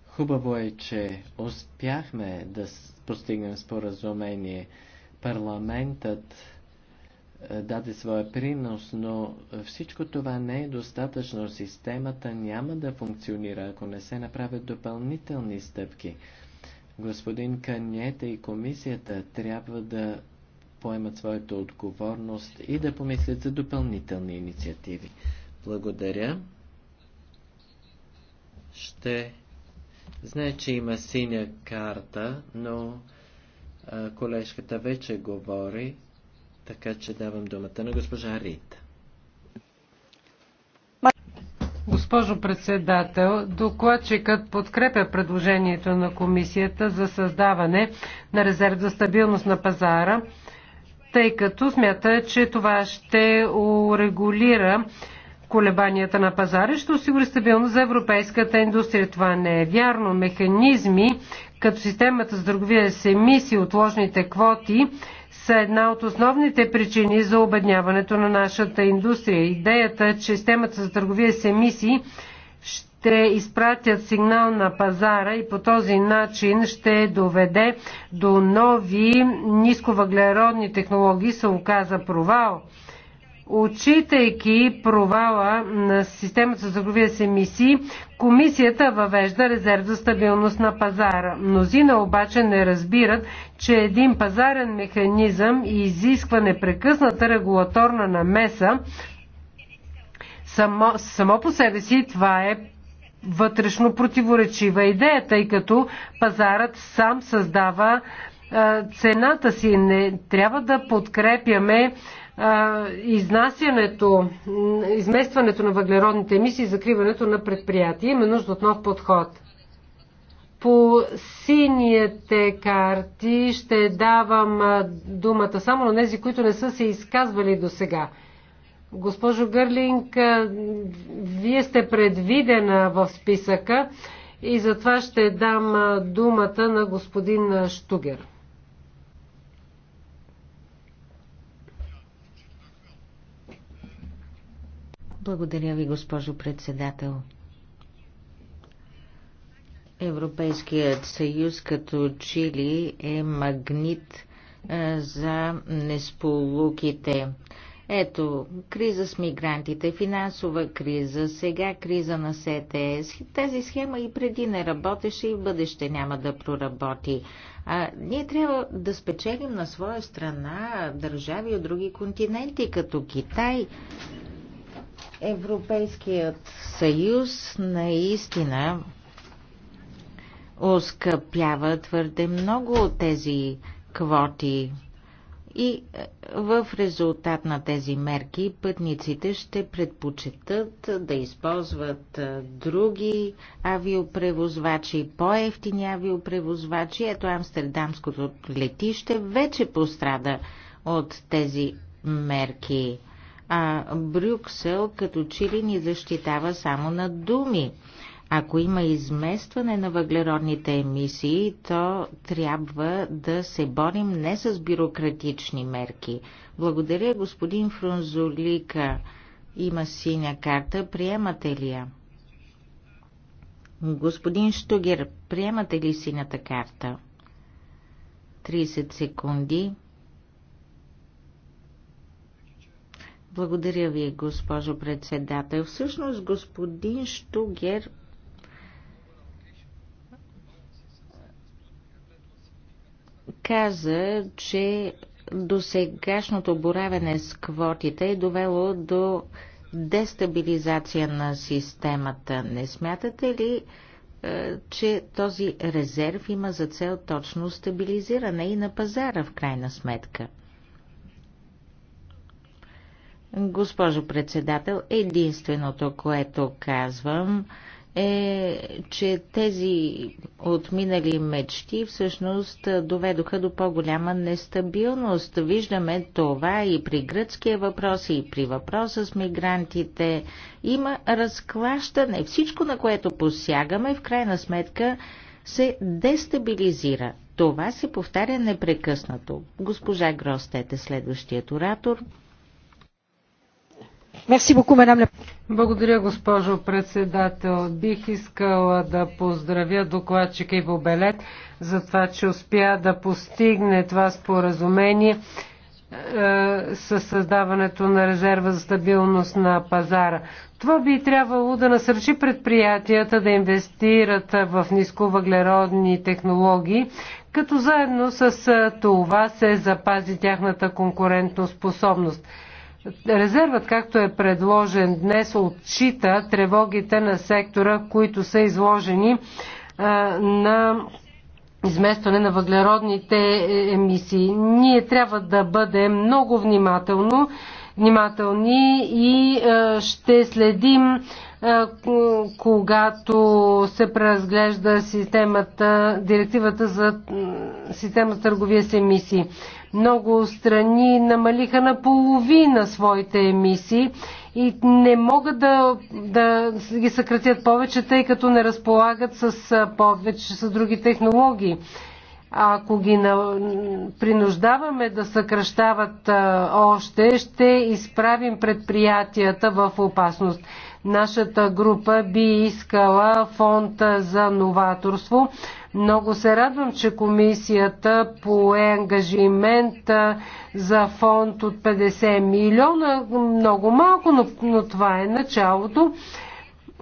Хубаво е, че успяхме да постигнем споразумение. Парламентът е, даде своя принос, но всичко това не е достатъчно. Системата няма да функционира, ако не се направят допълнителни стъпки. Господин Каньете и комисията трябва да поемат своята отговорност и да помислят за допълнителни инициативи. Благодаря. Ще знае, че има синя карта, но а, колежката вече говори, така че давам думата на госпожа Рита.
Госпожо председател, докладчикът подкрепя предложението на комисията за създаване на резерв за стабилност на пазара тъй като смята, че това ще урегулира колебанията на пазара ще осигури стабилност за европейската индустрия. Това не е вярно. Механизми, като системата за търговия с емисии, отложните квоти, са една от основните причини за обедняването на нашата индустрия. Идеята, че системата за търговия с емисии ще изпратят сигнал на пазара и по този начин ще доведе до нови нисковъглеродни технологии, се оказа провал. Отчитайки провала на системата за загубия с емисии, комисията въвежда резерв за стабилност на пазара. Мнозина обаче не разбират, че един пазарен механизъм изисква непрекъсната регулаторна намеса. Само, само по себе си това е вътрешно противоречива идея, тъй като пазарът сам създава цената си. Не трябва да подкрепяме изнасянето, изместването на въглеродните емисии и закриването на предприятия. Има нужда от нов подход. По сините карти ще давам думата само на тези, които не са се изказвали до сега. Госпожо Гърлинг, вие сте предвидена в списъка и затова ще дам думата на господин Штугер.
Благодаря ви, госпожо председател. Европейският съюз като Чили е магнит за несполуките. Ето, криза с мигрантите, финансова криза, сега криза на СТС. Тази схема и преди не работеше и в бъдеще няма да проработи. А, ние трябва да спечелим на своя страна държави от други континенти, като Китай. Европейският съюз наистина оскъпява твърде много от тези квоти и е, в резултат на тези мерки пътниците ще предпочитат да използват е, други авиопревозвачи, по-ефтини авиопревозвачи. Ето Амстердамското летище вече пострада от тези мерки. А Брюксел като че ли ни защитава само на думи. Ако има изместване на въглеродните емисии, то трябва да се борим не с бюрократични мерки. Благодаря, господин Фрунзолика. Има синя карта. Приемате ли я? Господин Штугер, приемате ли синята карта? 30 секунди. Благодаря ви, госпожо председател. Всъщност, господин Штугер каза, че досегашното боравене с квотите е довело до дестабилизация на системата. Не смятате ли, е, че този резерв има за цел точно стабилизиране и на пазара в крайна сметка? Госпожо председател, единственото, което казвам, е, че тези отминали мечти всъщност доведоха до по-голяма нестабилност. Виждаме това и при гръцкия въпрос, и при въпроса с мигрантите. Има разклащане. Всичко, на което посягаме, в крайна сметка се дестабилизира. Това се повтаря непрекъснато. Госпожа Гростет е следващият оратор.
Благодаря, госпожо председател. Бих искала да поздравя докладчика Иво Белет за това, че успя да постигне това споразумение е, със създаването на резерва за стабилност на пазара. Това би трябвало да насърчи предприятията да инвестират в нисковъглеродни технологии, като заедно с е, това се запази тяхната конкурентоспособност. способност. Резервът, както е предложен днес, отчита тревогите на сектора, които са изложени на изместване на въглеродните е, емисии. Ние трябва да бъдем много внимателно, внимателни и ще следим е, когато се преразглежда системата, директивата за система търговия с емисии. Много страни намалиха на половина своите емисии и не могат да, да ги съкратят повече, тъй като не разполагат с повече с други технологии. Ако ги принуждаваме да съкръщават още, ще изправим предприятията в опасност. Нашата група би искала фонд за новаторство. Много се радвам, че комисията пое ангажимент за фонд от 50 милиона. Много малко, но, но това е началото.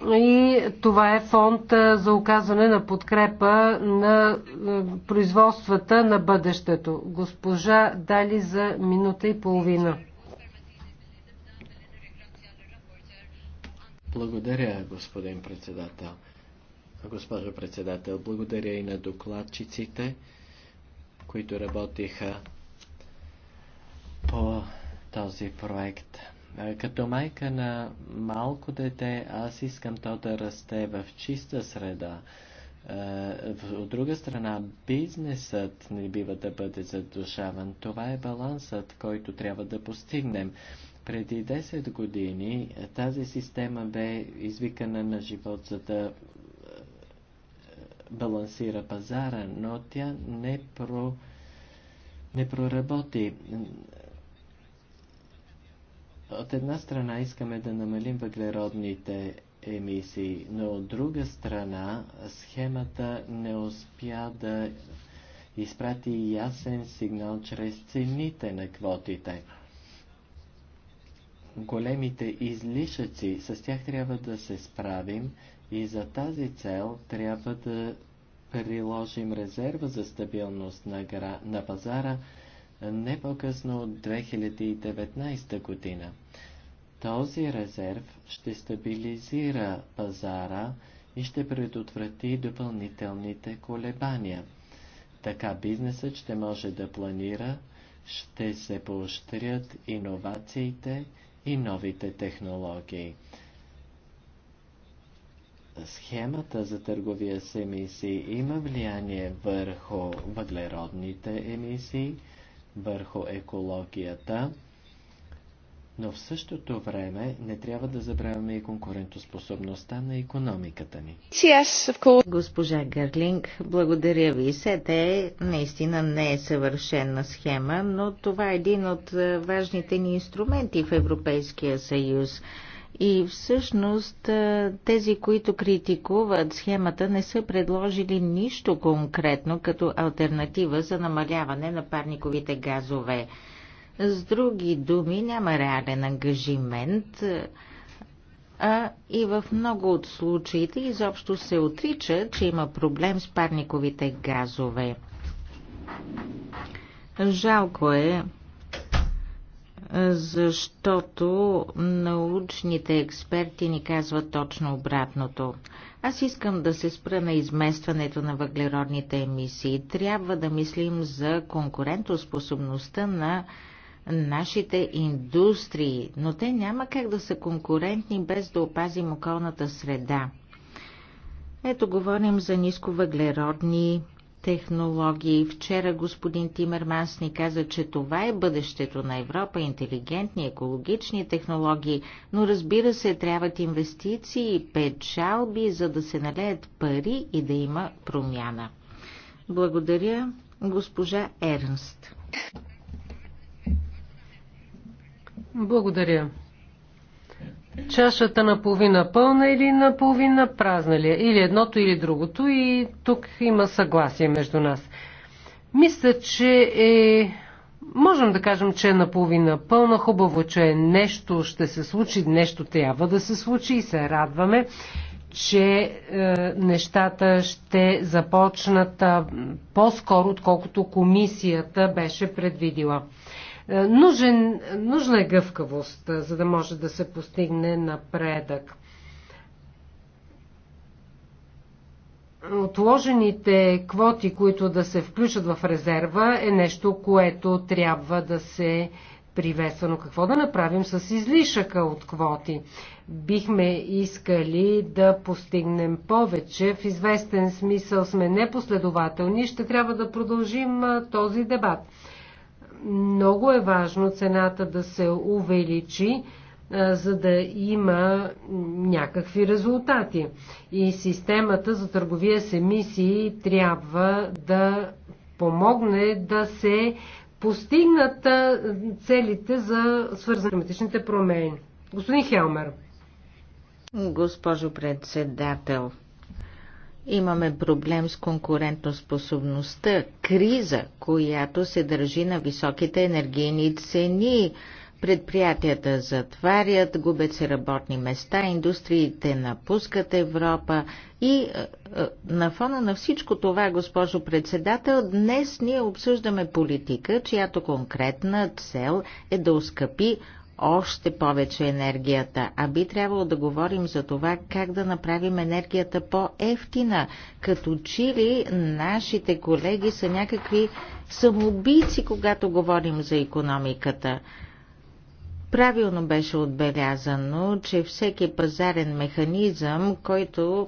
И това е фонд за оказване на подкрепа на е, производствата на бъдещето. Госпожа Дали за минута и половина.
Благодаря, господин председател. Госпожо председател, благодаря и на докладчиците, които работиха по този проект. Като майка на малко дете, аз искам то да расте в чиста среда. Е, от друга страна, бизнесът не бива да бъде задушаван. Това е балансът, който трябва да постигнем. Преди 10 години тази система бе извикана на живот, за да е, балансира пазара, но тя не, про, не проработи. От една страна искаме да намалим въглеродните емисии, но от друга страна схемата не успя да изпрати ясен сигнал чрез цените на квотите големите излишъци, с тях трябва да се справим и за тази цел трябва да приложим резерва за стабилност на, гра... на пазара не по-късно от 2019 година. Този резерв ще стабилизира пазара и ще предотврати допълнителните колебания. Така бизнесът ще може да планира, ще се поощрят иновациите, и новите технологии. Схемата за търговия с емисии има влияние върху въглеродните емисии, върху екологията но в същото време не трябва да забравяме и конкурентоспособността на економиката ни.
Yes, Госпожа Гърлинг, благодаря ви. СЕТЕ наистина не е съвършена схема, но това е един от е, важните ни инструменти в Европейския съюз. И всъщност е, тези, които критикуват схемата, не са предложили нищо конкретно като альтернатива за намаляване на парниковите газове. С други думи, няма реален ангажимент, а и в много от случаите изобщо се отрича, че има проблем с парниковите газове. Жалко е, защото научните експерти ни казват точно обратното. Аз искам да се спра на изместването на въглеродните емисии. Трябва да мислим за конкурентоспособността на нашите индустрии, но те няма как да са конкурентни без да опазим околната среда. Ето говорим за нисковъглеродни технологии. Вчера господин Тимерманс ни каза, че това е бъдещето на Европа, интелигентни, екологични технологии, но разбира се, трябват инвестиции, печалби, за да се налеят пари и да има промяна. Благодаря, госпожа Ернст. Благодаря.
Чашата наполовина пълна или наполовина празна ли е? Или едното, или другото. И тук има съгласие между нас. Мисля, че е... Можем да кажем, че е наполовина пълна. Хубаво, че е нещо ще се случи, нещо трябва да се случи и се радваме, че е, нещата ще започнат по-скоро, отколкото комисията беше предвидила. Е, нужен, нужна е гъвкавост, е, за да може да се постигне напредък. Отложените квоти, които да се включат в резерва, е нещо, което трябва да се приветства. Но какво да направим с излишъка от квоти? Бихме искали да постигнем повече. В известен смисъл сме непоследователни и ще трябва да продължим е, този дебат много е важно цената да се увеличи, за да има някакви резултати. И системата за търговия с емисии трябва да помогне да се постигнат целите за свързани климатичните промени.
Господин Хелмер. Госпожо председател, Имаме проблем с конкурентоспособността, криза, която се държи на високите енергийни цени. Предприятията затварят, губят се работни места, индустриите напускат Европа и е, е, на фона на всичко това, госпожо председател, днес ние обсъждаме политика, чиято конкретна цел е да ускъпи още повече енергията, а би трябвало да говорим за това как да направим енергията по-ефтина, като че ли нашите колеги са някакви самоубийци, когато говорим за економиката. Правилно беше отбелязано, че всеки пазарен механизъм, който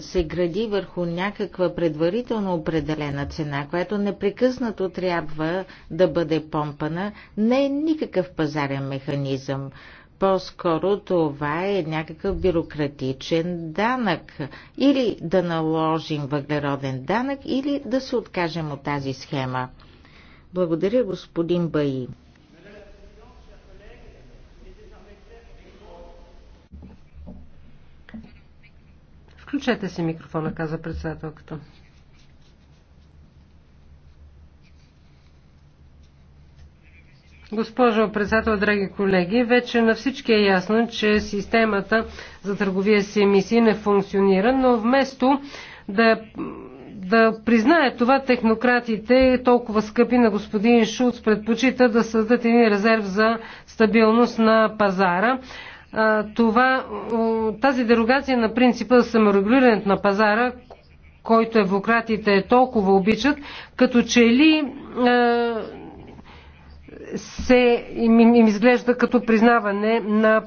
се гради върху някаква предварително определена цена, която непрекъснато трябва да бъде помпана, не е никакъв пазарен механизъм. По-скоро това е някакъв бюрократичен данък. Или да наложим въглероден данък, или да се откажем от тази схема. Благодаря, господин Баи. Включете си микрофона,
каза председателката. Госпожо председател, драги колеги, вече на всички е ясно, че системата за търговия с емисии не функционира, но вместо да, да признае това технократите, толкова скъпи на господин Шулц, предпочита да създадат един резерв за стабилност на пазара това, тази дерогация на принципа за саморегулирането на пазара, който евократите толкова обичат, като че ли се им, им изглежда като признаване на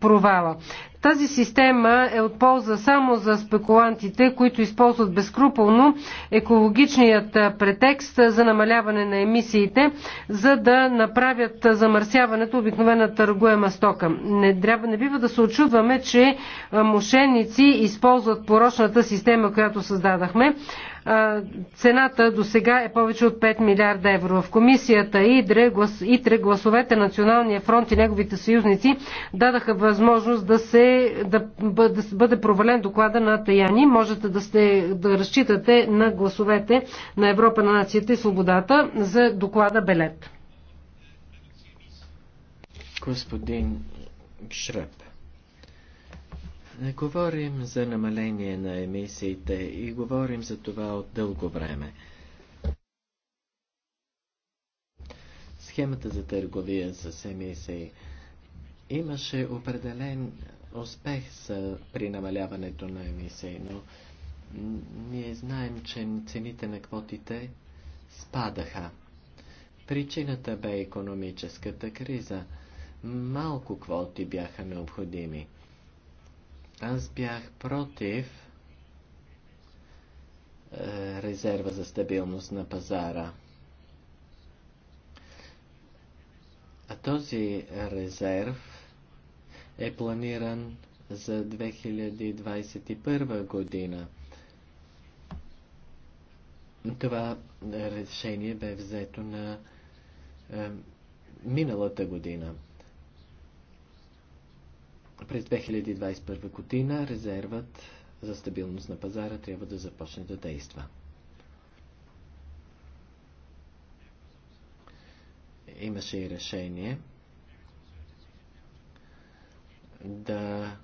провала. Тази система е от полза само за спекулантите, които използват безкруполно екологичният претекст за намаляване на емисиите, за да направят замърсяването обикновена търгуема стока. Не, трябва, не бива да се очудваме, че мошенници използват порочната система, която създадахме. Цената до сега е повече от 5 милиарда евро. В комисията ИДРЕ, глас, ИТРЕ гласовете Националния фронт и неговите съюзници дадаха възможност да, се, да, да бъде провален доклада на Таяни. Можете да, сте, да разчитате на гласовете на Европа на нацията и свободата за доклада Белет.
Господин Шреп. Говорим за намаление на емисиите и говорим за това от дълго време. Схемата за търговия с емисии имаше определен успех при намаляването на емисии, но ние знаем, че цените на квотите спадаха. Причината бе економическата криза. Малко квоти бяха необходими – аз бях против е, резерва за стабилност на пазара. А този резерв е планиран за 2021 година. Това решение бе взето на е, миналата година. През 2021 година резервът за стабилност на пазара трябва да започне да действа. Имаше и решение да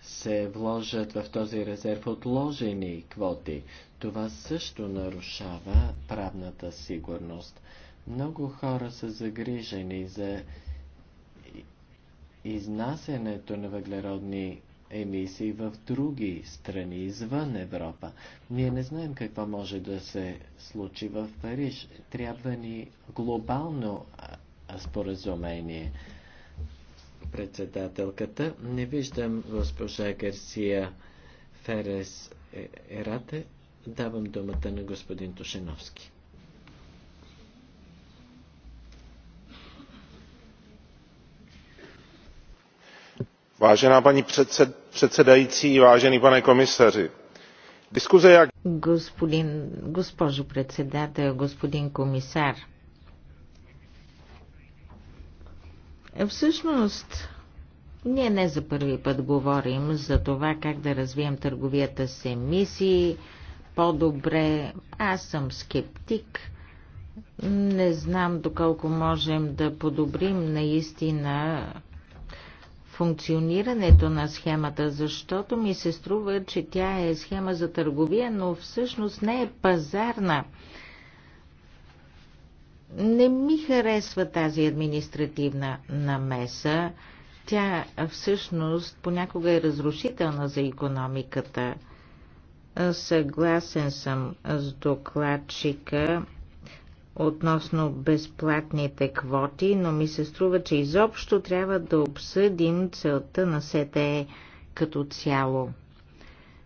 се вложат в този резерв отложени квоти. Това също нарушава правната сигурност. Много хора са загрижени за изнасянето на въглеродни емисии в други страни извън Европа. Ние не знаем какво може да се случи в Париж. Трябва ни глобално споразумение. Председателката, не виждам госпожа Гарсия Ферес Ерате. Давам думата на господин Тушеновски.
paní předsedající pane komisaři
госпожо председател господин комисар всъщност ние не за първи път говорим за това как да развием търговията с емисии по-добре. Аз съм скептик. Не знам доколко можем да подобрим наистина функционирането на схемата, защото ми се струва, че тя е схема за търговия, но всъщност не е пазарна. Не ми харесва тази административна намеса. Тя всъщност понякога е разрушителна за економиката. Съгласен съм с докладчика относно безплатните квоти, но ми се струва, че изобщо трябва да обсъдим целта на СТЕ като цяло.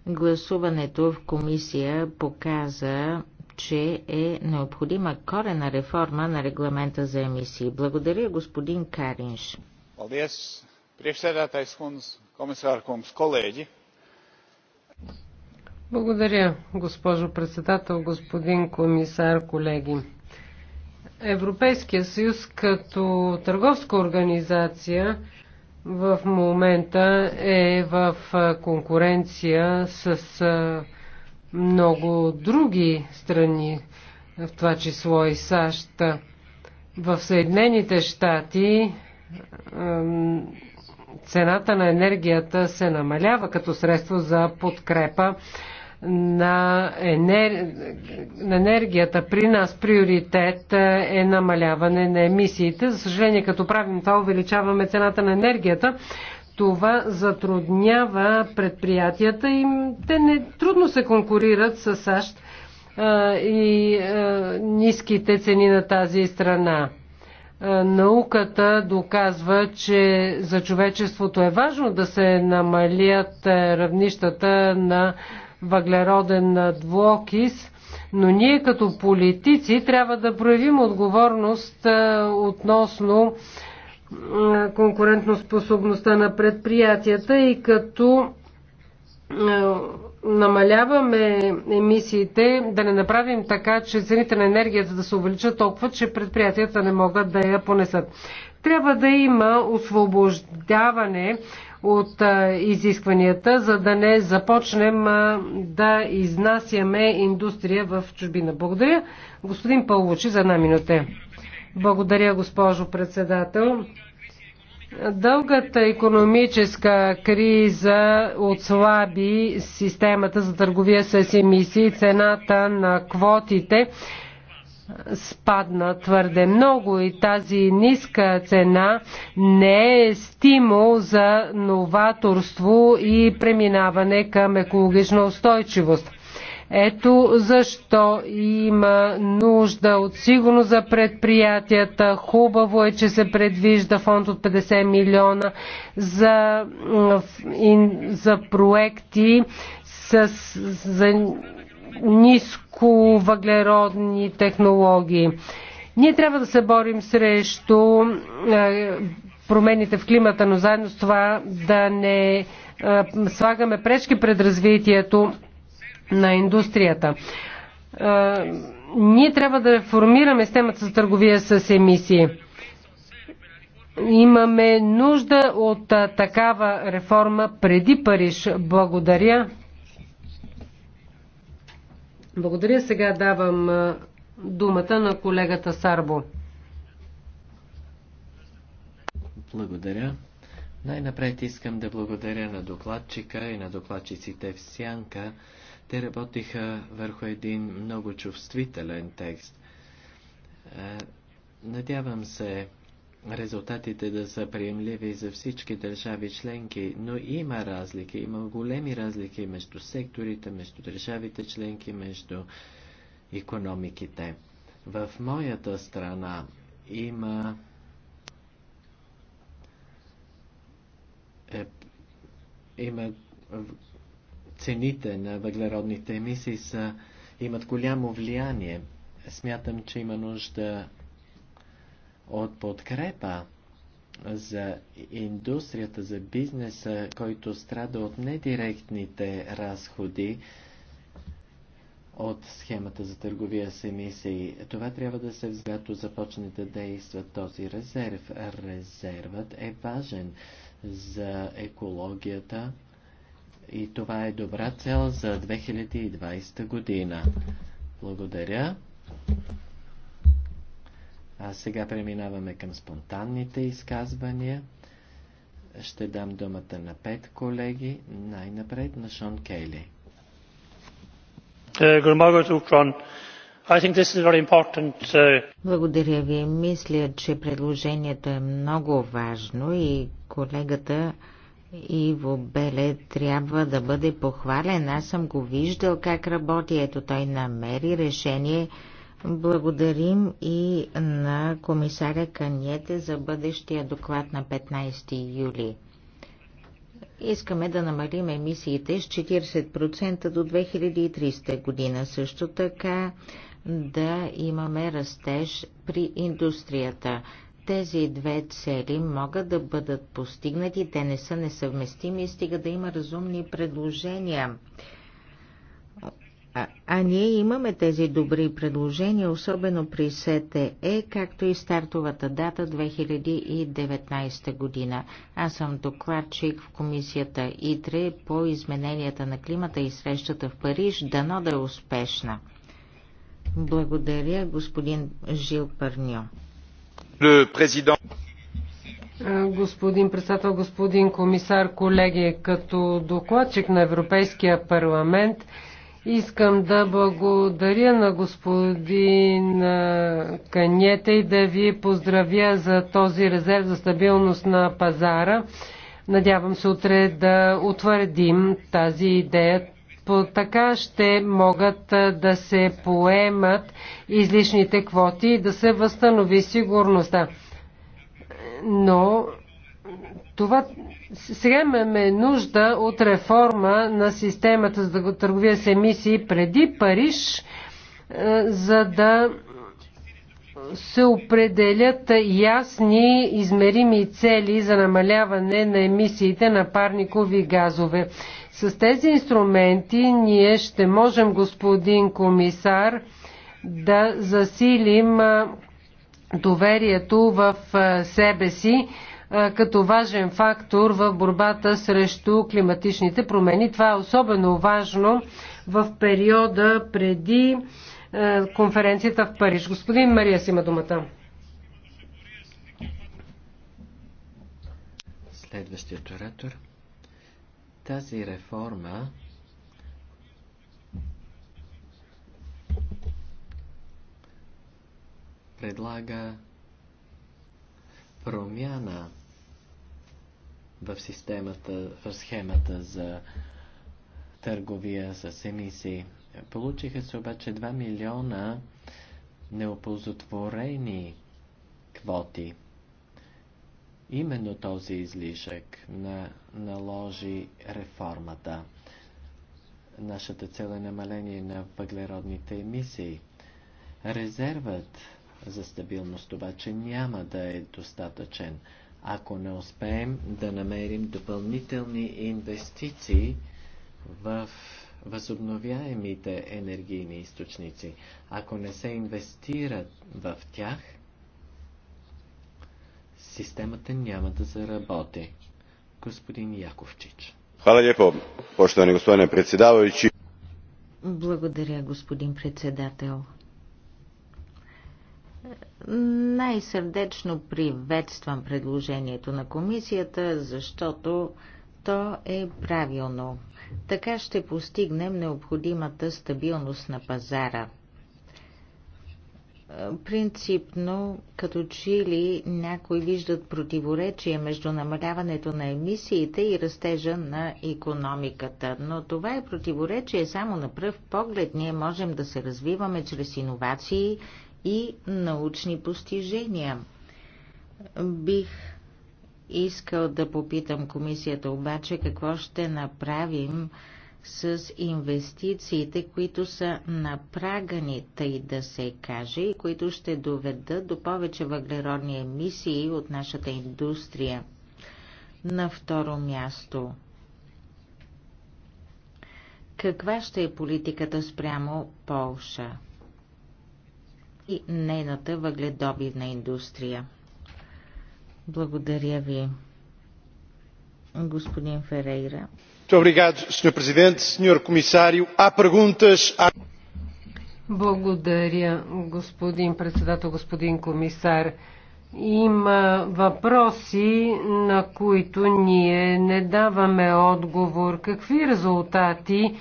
Гласуването в комисия показа, че е необходима корена реформа на регламента за емисии. Благодаря, господин Каринш.
Благодаря, госпожо председател, господин комисар, колеги. Европейския съюз като търговска организация в момента е в конкуренция с много други страни, в това число и САЩ. В Съединените щати цената на енергията се намалява като средство за подкрепа на, енер... на енергията при нас приоритет е, е намаляване на емисиите. За съжаление, като правим това, увеличаваме цената на енергията. Това затруднява предприятията и те не, трудно се конкурират с САЩ а, е, и а, е, ниските цени на тази страна. науката доказва, че за човечеството е важно да се намалят равнищата на въглероден двуокис, но ние като политици трябва да проявим отговорност относно конкурентоспособността на предприятията и като намаляваме емисиите, да не направим така, че цените на енергията да се увеличат толкова, че предприятията не могат да я понесат. Трябва да има освобождаване от изискванията, за да не започнем да изнасяме индустрия в чужбина. Благодаря. Господин Пълвочи за една минута. Благодаря, госпожо председател. Дългата економическа криза отслаби системата за търговия с емисии. Цената на квотите спадна твърде много и тази ниска цена не е стимул за новаторство и преминаване към екологична устойчивост. Ето защо има нужда от сигурно за предприятията. Хубаво е, че се предвижда фонд от 50 милиона за, за проекти с, за ниско въглеродни технологии. Ние трябва да се борим срещу е, промените в климата, но заедно с това да не е, слагаме пречки пред развитието на индустрията. Е, ние трябва да реформираме системата за търговия с емисии. Имаме нужда от такава реформа преди Париж. Благодаря. Благодаря. Сега давам думата на колегата Сарбо.
Благодаря. Най-напред искам да благодаря на докладчика и на докладчиците в Сянка. Те работиха върху един много чувствителен текст. Надявам се резултатите да са приемливи за всички държави членки, но има разлики, има големи разлики между секторите, между държавите членки, между економиките. В моята страна има е, има цените на въглеродните емисии са, имат голямо влияние. Смятам, че има нужда от подкрепа за индустрията, за бизнеса, който страда от недиректните разходи от схемата за търговия с емисии. Това трябва да се взгато започне да действа този резерв. Резервът е важен за екологията и това е добра цел за 2020 година. Благодаря. А сега преминаваме към спонтанните изказвания. Ще дам думата на пет колеги, най-напред на Шон Кейли. Е,
е.
Благодаря ви. Мисля, че предложението е много важно и колегата Иво Беле трябва да бъде похвален. Аз съм го виждал как работи. Ето той намери решение Благодарим и на комисаря Каньете за бъдещия доклад на 15 юли. Искаме да намалим емисиите с 40% до 2300 година. Също така да имаме растеж при индустрията. Тези две цели могат да бъдат постигнати, те не са несъвместими, стига да има разумни предложения. А, а ние имаме тези добри предложения, особено при СТЕ, както и стартовата дата 2019 година. Аз съм докладчик в комисията ИТРЕ по измененията на климата и срещата в Париж, дано да е успешна. Благодаря, господин Жил Парньо.
Господин председател, господин комисар, колеги, като докладчик на Европейския парламент, Искам да благодаря на господин Каньете и да ви поздравя за този резерв за стабилност на пазара. Надявам се утре да утвърдим тази идея. По така ще могат да се поемат излишните квоти и да се възстанови сигурността. Но това сега имаме нужда от реформа на системата за търговия с емисии преди Париж, е, за да се определят ясни измерими цели за намаляване на емисиите на парникови газове. С тези инструменти ние ще можем, господин комисар, да засилим е, доверието в е, себе си като важен фактор в борбата срещу климатичните промени. Това е особено важно в периода преди конференцията в Париж. Господин Мария си има думата.
Следващият оратор. Тази реформа предлага промяна в системата, в схемата за търговия с емисии. Получиха се обаче 2 милиона неоползотворени квоти. Именно този излишък на, наложи реформата. Нашата цел е намаление на въглеродните емисии. Резервът за стабилност, обаче няма да е достатъчен. Ако не успеем да намерим допълнителни инвестиции в възобновяемите енергийни източници, ако не се инвестират в тях, системата няма да заработи. Господин Яковчич.
Благодаря, господин председател. Най-сърдечно приветствам предложението на комисията, защото то е правилно. Така ще постигнем необходимата стабилност на пазара. Принципно, като че ли някои виждат противоречие между намаляването на емисиите и растежа на економиката, но това е противоречие само на пръв поглед. Ние можем да се развиваме чрез иновации и научни постижения. Бих искал да попитам комисията обаче какво ще направим с инвестициите, които са напрагани, тъй да се каже, и които ще доведат до повече въглеродни емисии от нашата индустрия. На второ място. Каква ще е политиката спрямо Полша? и нейната въгледобивна индустрия. Благодаря ви, господин Ферейра. Благодаря,
господин председател, господин комисар. Има въпроси, на които ние не даваме отговор. Какви резултати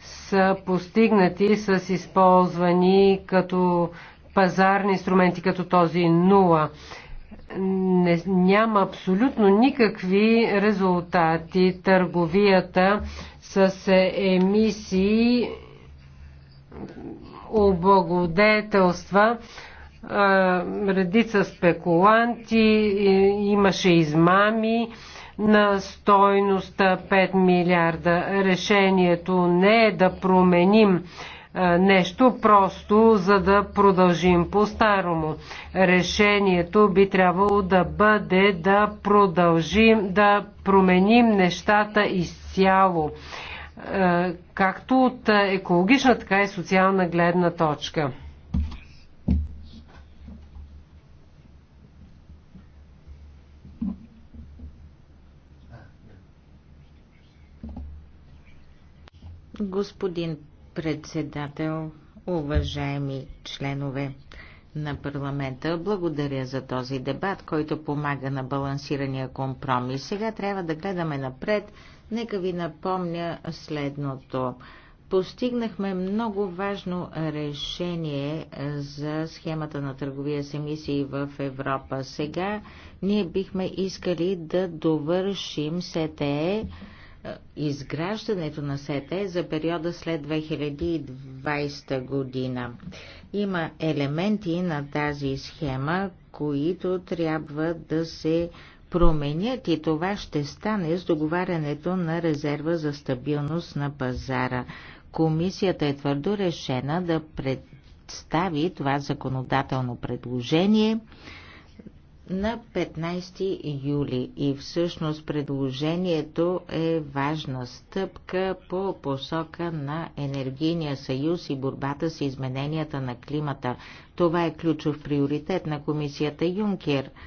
са постигнати с използвани като пазарни инструменти като този нула. Не, няма абсолютно никакви резултати. Търговията с е, емисии облагодетелства е, редица спекуланти, имаше измами на стойността 5 милиарда. Решението не е да променим нещо, просто за да продължим по-старому. Решението би трябвало да бъде да продължим, да променим нещата изцяло, както от екологична, така и социална гледна точка.
Господин председател, уважаеми членове на парламента. Благодаря за този дебат, който помага на балансирания компромис. Сега трябва да гледаме напред. Нека ви напомня следното. Постигнахме много важно решение за схемата на търговия с емисии в Европа. Сега ние бихме искали да довършим СТЕ изграждането на СЕТЕ за периода след 2020 година. Има елементи на тази схема, които трябва да се променят и това ще стане с договарянето на резерва за стабилност на пазара. Комисията е твърдо решена да представи това законодателно предложение на 15 юли и всъщност предложението е важна стъпка по посока на енергийния съюз и борбата с измененията на климата. Това е ключов приоритет на комисията Юнкер –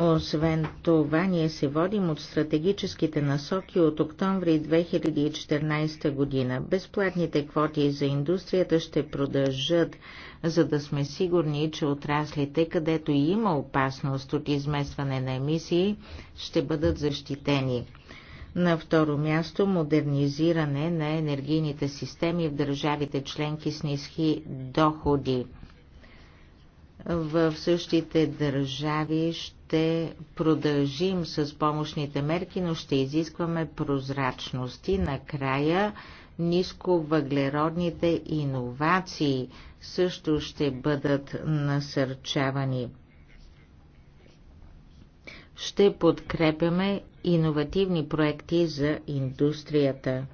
освен това, ние се водим от стратегическите насоки от октомври 2014 година. Безплатните квоти за индустрията ще продължат, за да сме сигурни, че отраслите, където има опасност от изместване на емисии, ще бъдат защитени. На второ място модернизиране на енергийните системи в държавите членки с ниски доходи. В същите държави ще ще продължим с помощните мерки, но ще изискваме прозрачности. накрая ниско въглеродните иновации също ще бъдат насърчавани. Ще подкрепяме иновативни проекти за индустрията.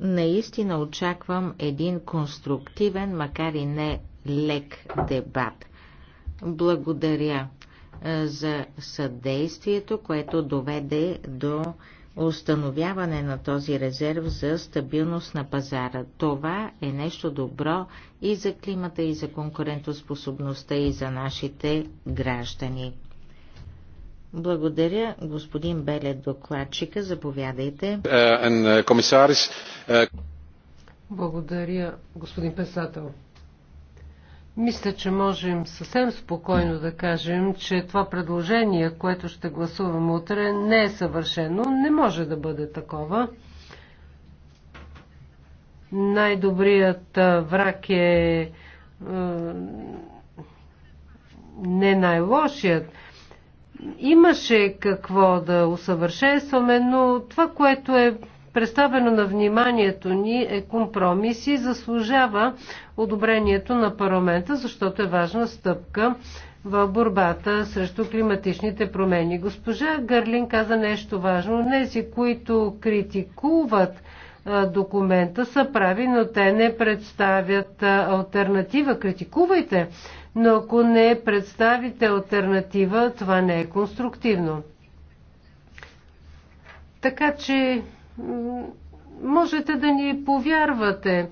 Наистина очаквам един конструктивен, макар и не лек дебат – благодаря за съдействието, което доведе до установяване на този резерв за стабилност на пазара. Това е нещо добро и за климата, и за конкурентоспособността, и за нашите граждани. Благодаря, господин Белет докладчика. Заповядайте.
Е, е, е.
Благодаря,
господин председател. Мисля, че можем съвсем спокойно да кажем, че това предложение, което ще гласуваме утре, не е съвършено, не може да бъде такова. Най-добрият враг е, е не най-лошият. Имаше какво да усъвършенстваме, но това, което е представено на вниманието ни е компромис и заслужава одобрението на парламента, защото е важна стъпка в борбата срещу климатичните промени. Госпожа Гърлин каза нещо важно. Нези, които критикуват документа са прави, но те не представят альтернатива. Критикувайте, но ако не представите альтернатива, това не е конструктивно. Така че можете да ни повярвате.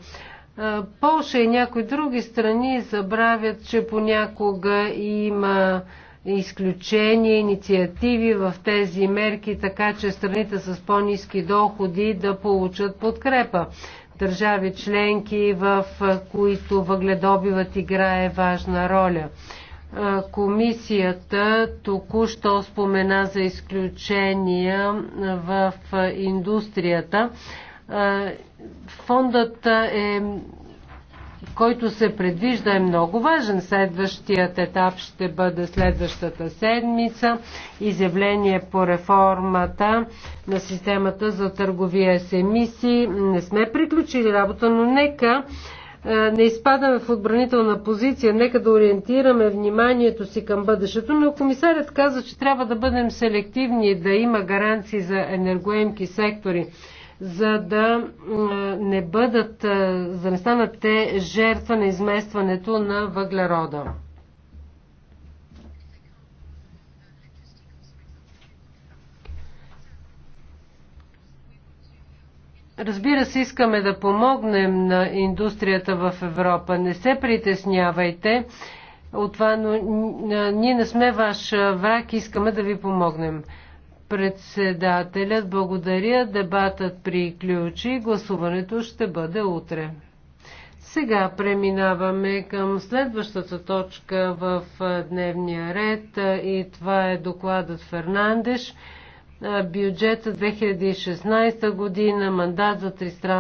Полша и някои други страни забравят, че понякога има изключения, инициативи в тези мерки, така че страните с по-низки доходи да получат подкрепа. Държави членки, в които въгледобивът играе важна роля. Комисията току-що спомена за изключения в индустрията. Фондът е който се предвижда е много важен. Следващият етап ще бъде следващата седмица. Изявление по реформата на системата за търговия с емисии. Не сме приключили работа, но нека е, не изпадаме в отбранителна позиция. Нека да ориентираме вниманието си към бъдещето. Но комисарят каза, че трябва да бъдем селективни, да има гаранции за енергоемки сектори, за да е, не бъдат, е, за да не станат те жертва на изместването на въглерода. Разбира се, искаме да помогнем на индустрията в Европа. Не се притеснявайте от това, но ние не сме ваш враг, искаме да ви помогнем. Председателят, благодаря. Дебатът приключи. Гласуването ще бъде утре. Сега преминаваме към следващата точка в дневния ред и това е докладът Фернандеш бюджета 2016 година, мандат за тристранна